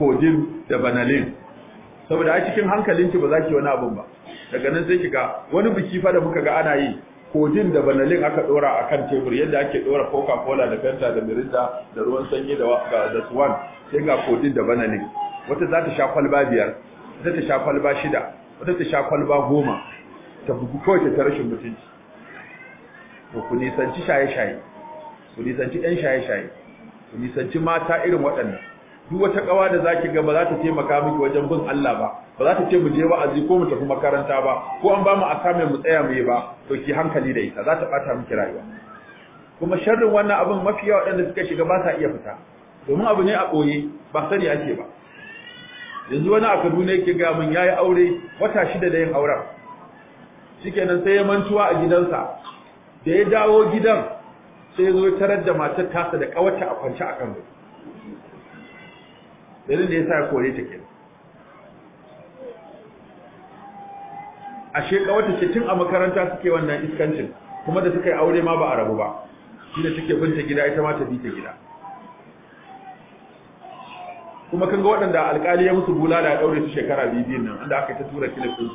kojin da banalin saboda a cikin hankalinki ba za ki wani abun ba daga nan sai kiga wani biki fa da muka ga ana yi kojin da banalin aka dora a kan tebur yadda ake dora coca cola da fanta da mirinda da ruwan sanyi da da swan sai ga kojin da banalin wata za ta sha kwalba biyar wata ta sha kwalba shida wata ta sha kwalba goma ta bugu kawai ta rashin mutunci to ku nisanci shaye-shaye ku nisanci ɗan shaye-shaye ku nisanci mata irin waɗannan duk wata ƙawa da zaki ga ba za ta taimaka miki wajen bin Allah ba ba za ta ce mu je wa'azi ko mu tafi makaranta ba ko an ba mu asami mu tsaya mu yi ba to ki hankali da ita za ta bata miki rayuwa kuma sharrin wannan abin mafi yawa waɗanda suka shiga ba sa iya fita domin abu ne a ɓoye ba sani ake ba yanzu wani a Kaduna yake ga mun yayi aure wata shida da yin auren shikenan sai ya mantuwa a gidansa da ya dawo gidan sai zo tarar da matar tasa da kawarta a kwance a kan dalilin da ya sa ya kore ta kenan ashe kawarta ce tun a makaranta suke wannan iskancin kuma da suka yi aure ma ba a rabu ba shi da suke binta gida ita ma ta bi ta gida kuma kan ga waɗanda alƙali ya musu da ya ɗaure su shekara biyu biyun nan inda aka yi ta tura kilifin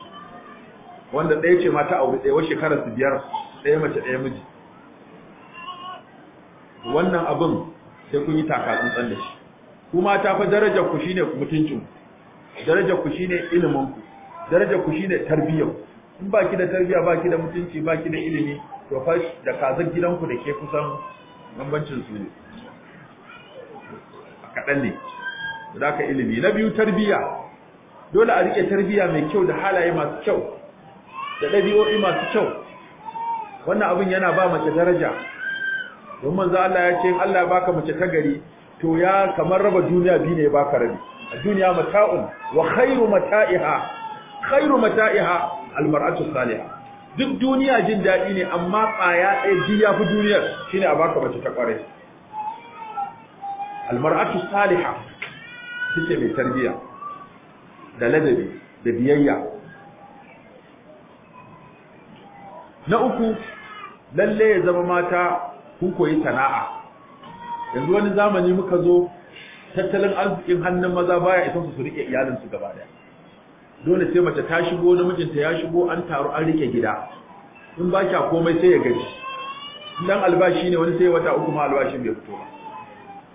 wanda ɗaya ce mata wuce ɗaya shekara su biyar ɗaya mace ɗaya miji wannan abin sai kun yi taka tsantsan da shi kuma ta fa darajar ku shine mutuncin darajar ku shine ilimin ku darajar ku shine tarbiyyar in baki da tarbiyya baki da mutunci baki da ilimi to fa da gidan gidanku da ke kusan bambancin su ne kaɗan ne da ka ilimi na biyu tarbiyya dole a rike tarbiyya mai kyau da halaye masu kyau da ɗabi'o'i masu kyau wannan abin yana ba mace daraja don manzo Allah ya ce in Allah ya baka mace ta gari to ya kamar raba duniya biyu ne ya baka rabi a duniya mata'un wa khairu mata'iha khairu mata'iha almar'atu salihah duk duniya jin daɗi ne amma tsaya ɗaya ji ya fi duniyar shine a baka mace ta kware almar'atu salihah take mai tarbiya da ladabi da biyayya na uku lalle ya zama mata kun koyi sana'a yanzu wani zamani muka zo tattalin arzikin hannun maza baya isa su rike iyalin su gaba daya dole sai mace ta shigo namijinta ya shigo an taru an rike gida in ba kya komai sai ya gaji dan albashi ne wani sai wata uku ma albashin bai fito ba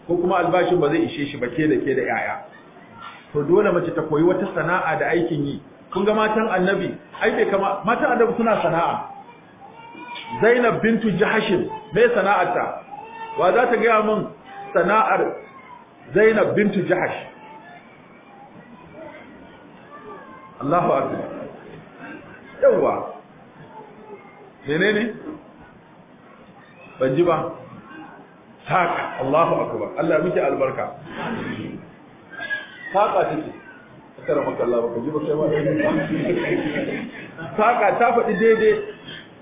ko kuma albashin ba zai ishe shi ba ke da ke da yaya to dole mace ta koyi wata sana'a da aikin yi kun ga matan annabi ai bai kama matan annabi suna sana'a Zainab bintu Jahashin me sana'arta wa za ta gaya min sana'ar Zainab bintu Jahash Allahu akbar yawa menene ban ji ba saka Allahu akbar Allah miki albarka saka take kar maka Allah baka ji ba sai ma saka ta faɗi daidai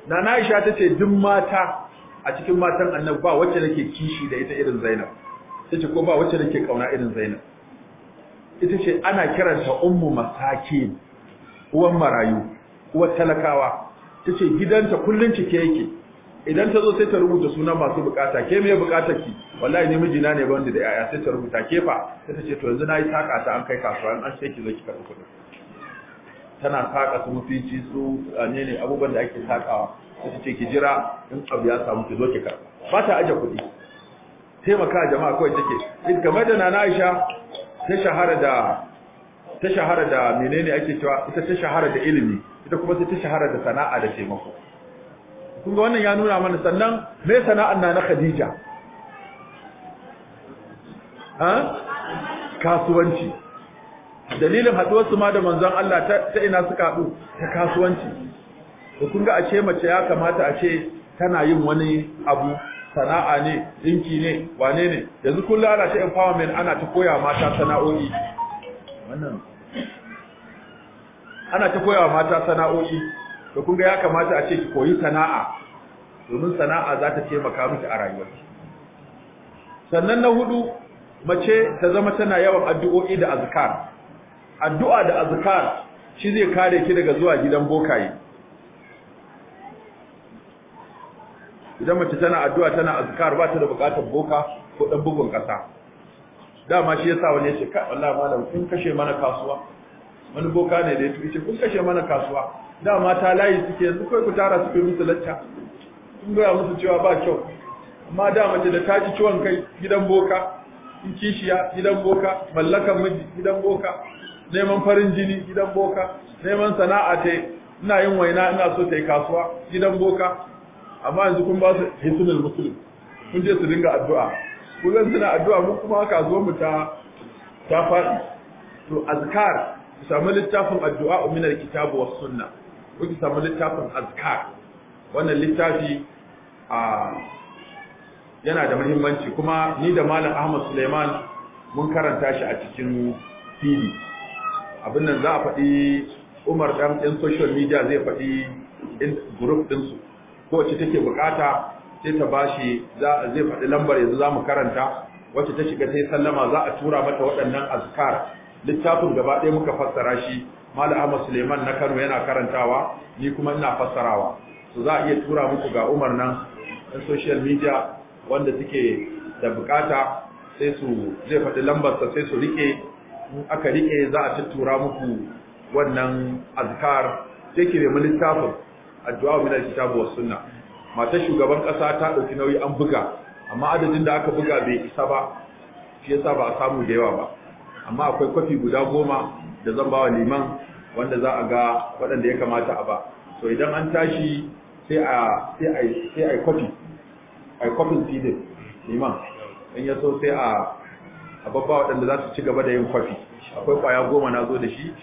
na na Aisha ta ce duk mata a cikin matan annabi ba wacce nake kishi da ita irin Zainab ta ce ko ba wacce nake kauna irin Zainab ita ce ana kiranta ummu masaki uwan marayu uwar talakawa ta ce gidanta kullun cike yake idan ta zo sai ta rubuta suna masu bukata ke me bukata ki wallahi ne mijina ne ba wanda da yaya sai ta rubuta ke fa sai ta ce to yanzu nayi taka ta an kai kasuwa an sai ki zo ki karɓi kuɗin tana saka su mutunci su ne ne abubuwan da ake sakawa sai ce ki jira in abu ya samu ki zo ki karba ba ta aje kuɗi taimaka jama'a kawai take in kamar da nana Aisha ta shahara da ta shahara da menene ake cewa ita ta shahara da ilimi ita kuma ta shahara da sana'a da taimako kun ga wannan ya nuna mana sannan me sana'an na na Khadija ha kasuwanci dalilin su ma da manzon Allah ta ina suka haɗu ta kasuwanci to kun ga a ce mace ya kamata a ce tana yin wani abu sana'a ne dinki ne wane ne yanzu kullum ana ta empowerment ana ta koya mata sana'o'i wannan ana ta koya mata sana'o'i to kun ga ya kamata a ce ki koyi sana'a domin sana'a za ta taimaka miki a rayuwarki sannan na hudu mace ta zama tana yawan addu'o'i da azkar addu'a da azkar shi zai kare ki daga zuwa gidan bokaye idan mace tana addu'a tana azkar ba ta da bukatar boka ko dan bugun kasa dama shi yasa wani yace ka wallahi malam kun kashe mana kasuwa wani boka ne da ya tuce kun kashe mana kasuwa dama ta layi suke yanzu kai ku tara su kai musu lacca kun ga musu cewa ba kyau amma da mace da ta ji ciwon kai gidan boka kishiya gidan boka mallakan miji gidan boka neman farin jini gidan boka neman sana'a ta ina yin waina ina so ta yi kasuwa gidan boka amma yanzu kun ba su hisnul muslim kun je su dinga addu'a ku zan suna addu'a mu kuma kasuwar mu ta ta faɗi to azkar ku samu littafin addu'a min kitabu wa sunna ku samu littafin azkar wannan littafi a yana da muhimmanci kuma ni da malam Ahmad Suleiman mun karanta shi a cikin fili. abin nan za a faɗi umar dan ɗin social media zai faɗi group ɗinsu kowace take bukata sai ta bashi zai faɗi lambar yanzu za mu karanta wacce ta shiga ta yi sallama za a tura mata waɗannan azkar littafin gaba ɗaya muka fassara shi malam ahmad suleiman na kano yana karantawa ni kuma ina fassarawa su za a iya tura muku ga umar nan na social media wanda suke da bukata sai su zai faɗi lambarsa sai su riƙe. in aka rike za a tattura muku wannan azkar sai ki nemi littafin addu'a min alkitabu was sunna matar shugaban kasa ta dauki nauyi an buga amma adadin da aka buga bai isa ba shi yasa ba a samu da yawa ba amma akwai kwafi guda goma da zan ba wa liman wanda za a ga waɗanda ya kamata a ba so idan an tashi sai a sai a sai a kwafi a kwafin liman in ya so sai a a babba waɗanda za su ci gaba da yin kwafi akwai kwaya goma na zo da shi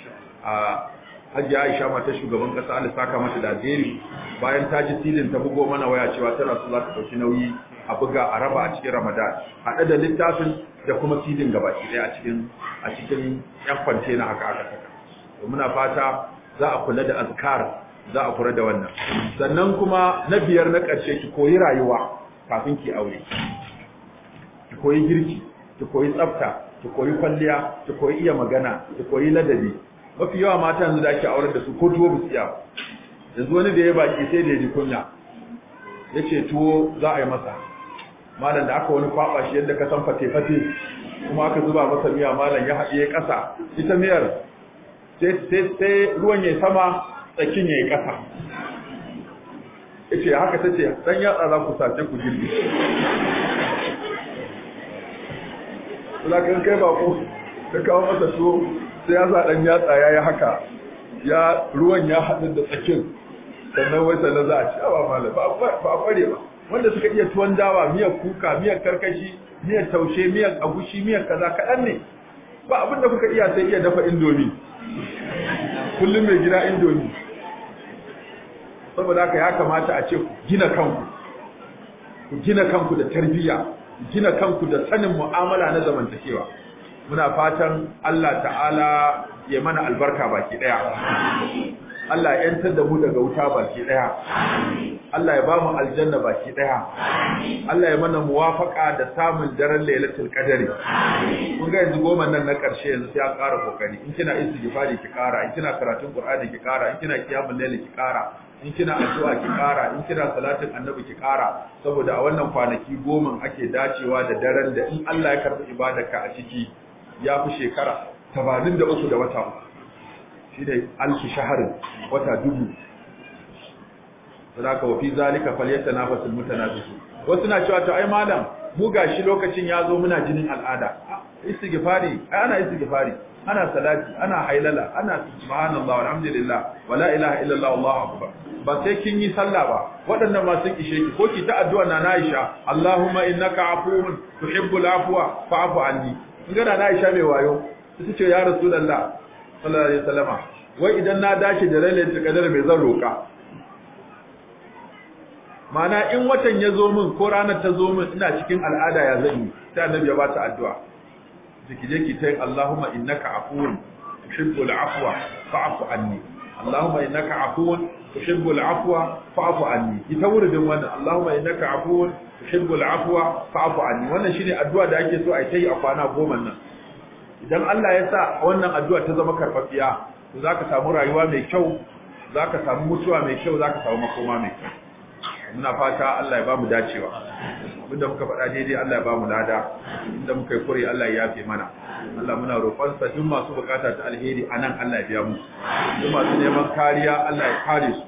a hajji aisha mata shugaban ƙasa, Ali saka mata da alheri bayan ta ji tilin ta bugo mana waya cewa tana so za ta ɗauki nauyi a buga a raba a cikin ramadan haɗe da littafin da kuma tilin gaba ki a cikin a cikin yan kwantena haka aka saka to muna fata za a kula da azkar za a kula da wannan sannan kuma na biyar na ƙarshe ki koyi rayuwa kafin ki aure ki koyi girki ki koyi tsafta ki koyi kwalliya ki koyi iya magana ki koyi ladabi mafi yawa mata yanzu da ake aurar da su ko tuwo bisiya yanzu wani da ya baki sai da ya ji kunya ya ce tuwo za a yi masa malam da aka wani kwaba shi yadda ka san fate-fate kuma aka zuba masa miya malam ya haɗe ƙasa ita miyar sai ruwan ya sama tsakin ya yi ƙasa ya ce haka ta ce ɗan yatsa za ku sace ku girbi kan kai bako da kawo masa so sai ya ɗan yatsa ya haka ya ruwan ya haɗu da tsakin sannan wai sannan za a ci awa mala ba a kware ba wanda suka iya tuwon dawa miyar kuka miyar karkashi miyar taushe miyar agushi miyar kaza kaɗan ne ba abin da kuka iya sai iya dafa indomi kullum mai gida indomi saboda haka ya kamata a ce gina kanku ku gina kanku da tarbiyya gina kanku da sanin mu'amala na zamantakewa muna fatan Allah ta'ala ya mana albarka baki daya Allah ya yantar da mu daga wuta baki daya Allah ya ba mu aljanna baki daya Allah ya mana muwafaka da samun daren lailatul qadari kun ga yanzu goma nan na karshe yanzu sai an kara kokari in kina istighfari ki kara in kina karatun qur'ani ki ƙara in kina kiyamul layl ki ƙara in kina addu'a ki ƙara in kina salatin annabi ki ƙara saboda a wannan kwanaki goma ake dacewa da daren da in Allah ya karɓi ibadarka a ciki ya fi shekara tamanin da uku da wata shi ne alfi shaharin wata dubu sadaka wa fi zalika falyatanafasul mutanafisun wasu na cewa to ai malam mu gashi lokacin ya zo muna jinin al'ada istighfari ana istighfari ana salati ana hailala ana subhanallah walhamdulillah wala ilaha illallah wallahu akbar ba sai kin yi sallah ba waɗannan ma sun ishe ki ko ki ta addu'a na Aisha Allahumma innaka afuwun tuhibbul afwa fa'fu anni in ga na Aisha mai wayo ta ce ya rasulullah sallallahu alaihi wasallam wai idan na dace da ta qadar mai zan roka mana in watan ya zo min ko ranar ta zo min ina cikin al'ada ya zan yi sai annabi ya ba ta addu'a ki je ki ta Allahumma innaka afuwun tuhibbul afwa fa'fu anni Allahumma innaka afuwun tuhibbul afwa fa'fu anni ita wuridin wannan Allahumma innaka afuwun tuhibbul afwa fa'fu anni wannan shine addu'a da ake so a yi a kwana goma nan idan Allah ya sa wannan addu'a ta zama karfafiya to zaka samu rayuwa mai kyau zaka samu mutuwa mai kyau zaka samu makoma mai kyau muna fata Allah ya bamu dacewa Inda muka faɗa daidai Allah ya bamu lada inda muka yi kure Allah ya yafe mana Allah muna roƙon sa duk masu bukata ta alheri anan Allah ya biya mu duk masu neman kariya Allah ya kare su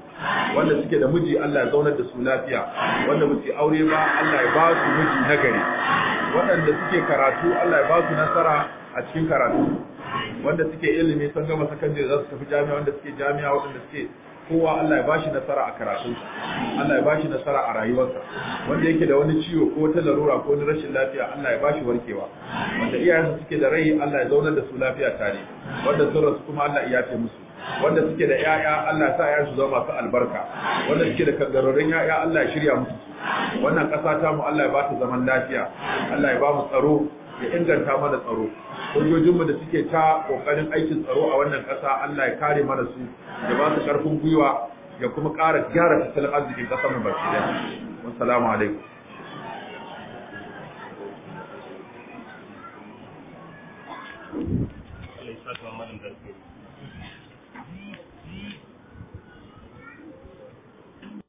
wanda suke da miji Allah ya zaunar da su lafiya wanda muke aure ba Allah ya ba su miji nagari waɗanda suke karatu Allah ya ba su nasara a cikin karatu wanda suke ilimi sun gama sakandare za su tafi jami'a wanda suke jami'a waɗanda suke kowa Allah ya bashi nasara a karatunsa Allah ya bashi nasara a rayuwarsa wanda yake da wani ciwo ko wata larura ko wani rashin lafiya Allah ya bashi warkewa wanda iyayensa suke da rai Allah ya zaunar da su lafiya tare wanda sun rasu kuma Allah ya yafe musu wanda suke da yaya Allah ya sa ya su zama masu albarka wanda suke da kangararrun yaya Allah ya shirya musu wannan ƙasa ta mu Allah ya ba ta zaman lafiya Allah ya ba mu tsaro ya inganta mana tsaro sojojinmu da suke ta kokarin aikin tsaro a wannan ƙasa Allah ya kare mana su da ba su ƙarfin gwiwa ya kuma ƙara gyara tattalin arzikin ƙasar mu baki da wassalamu alaikum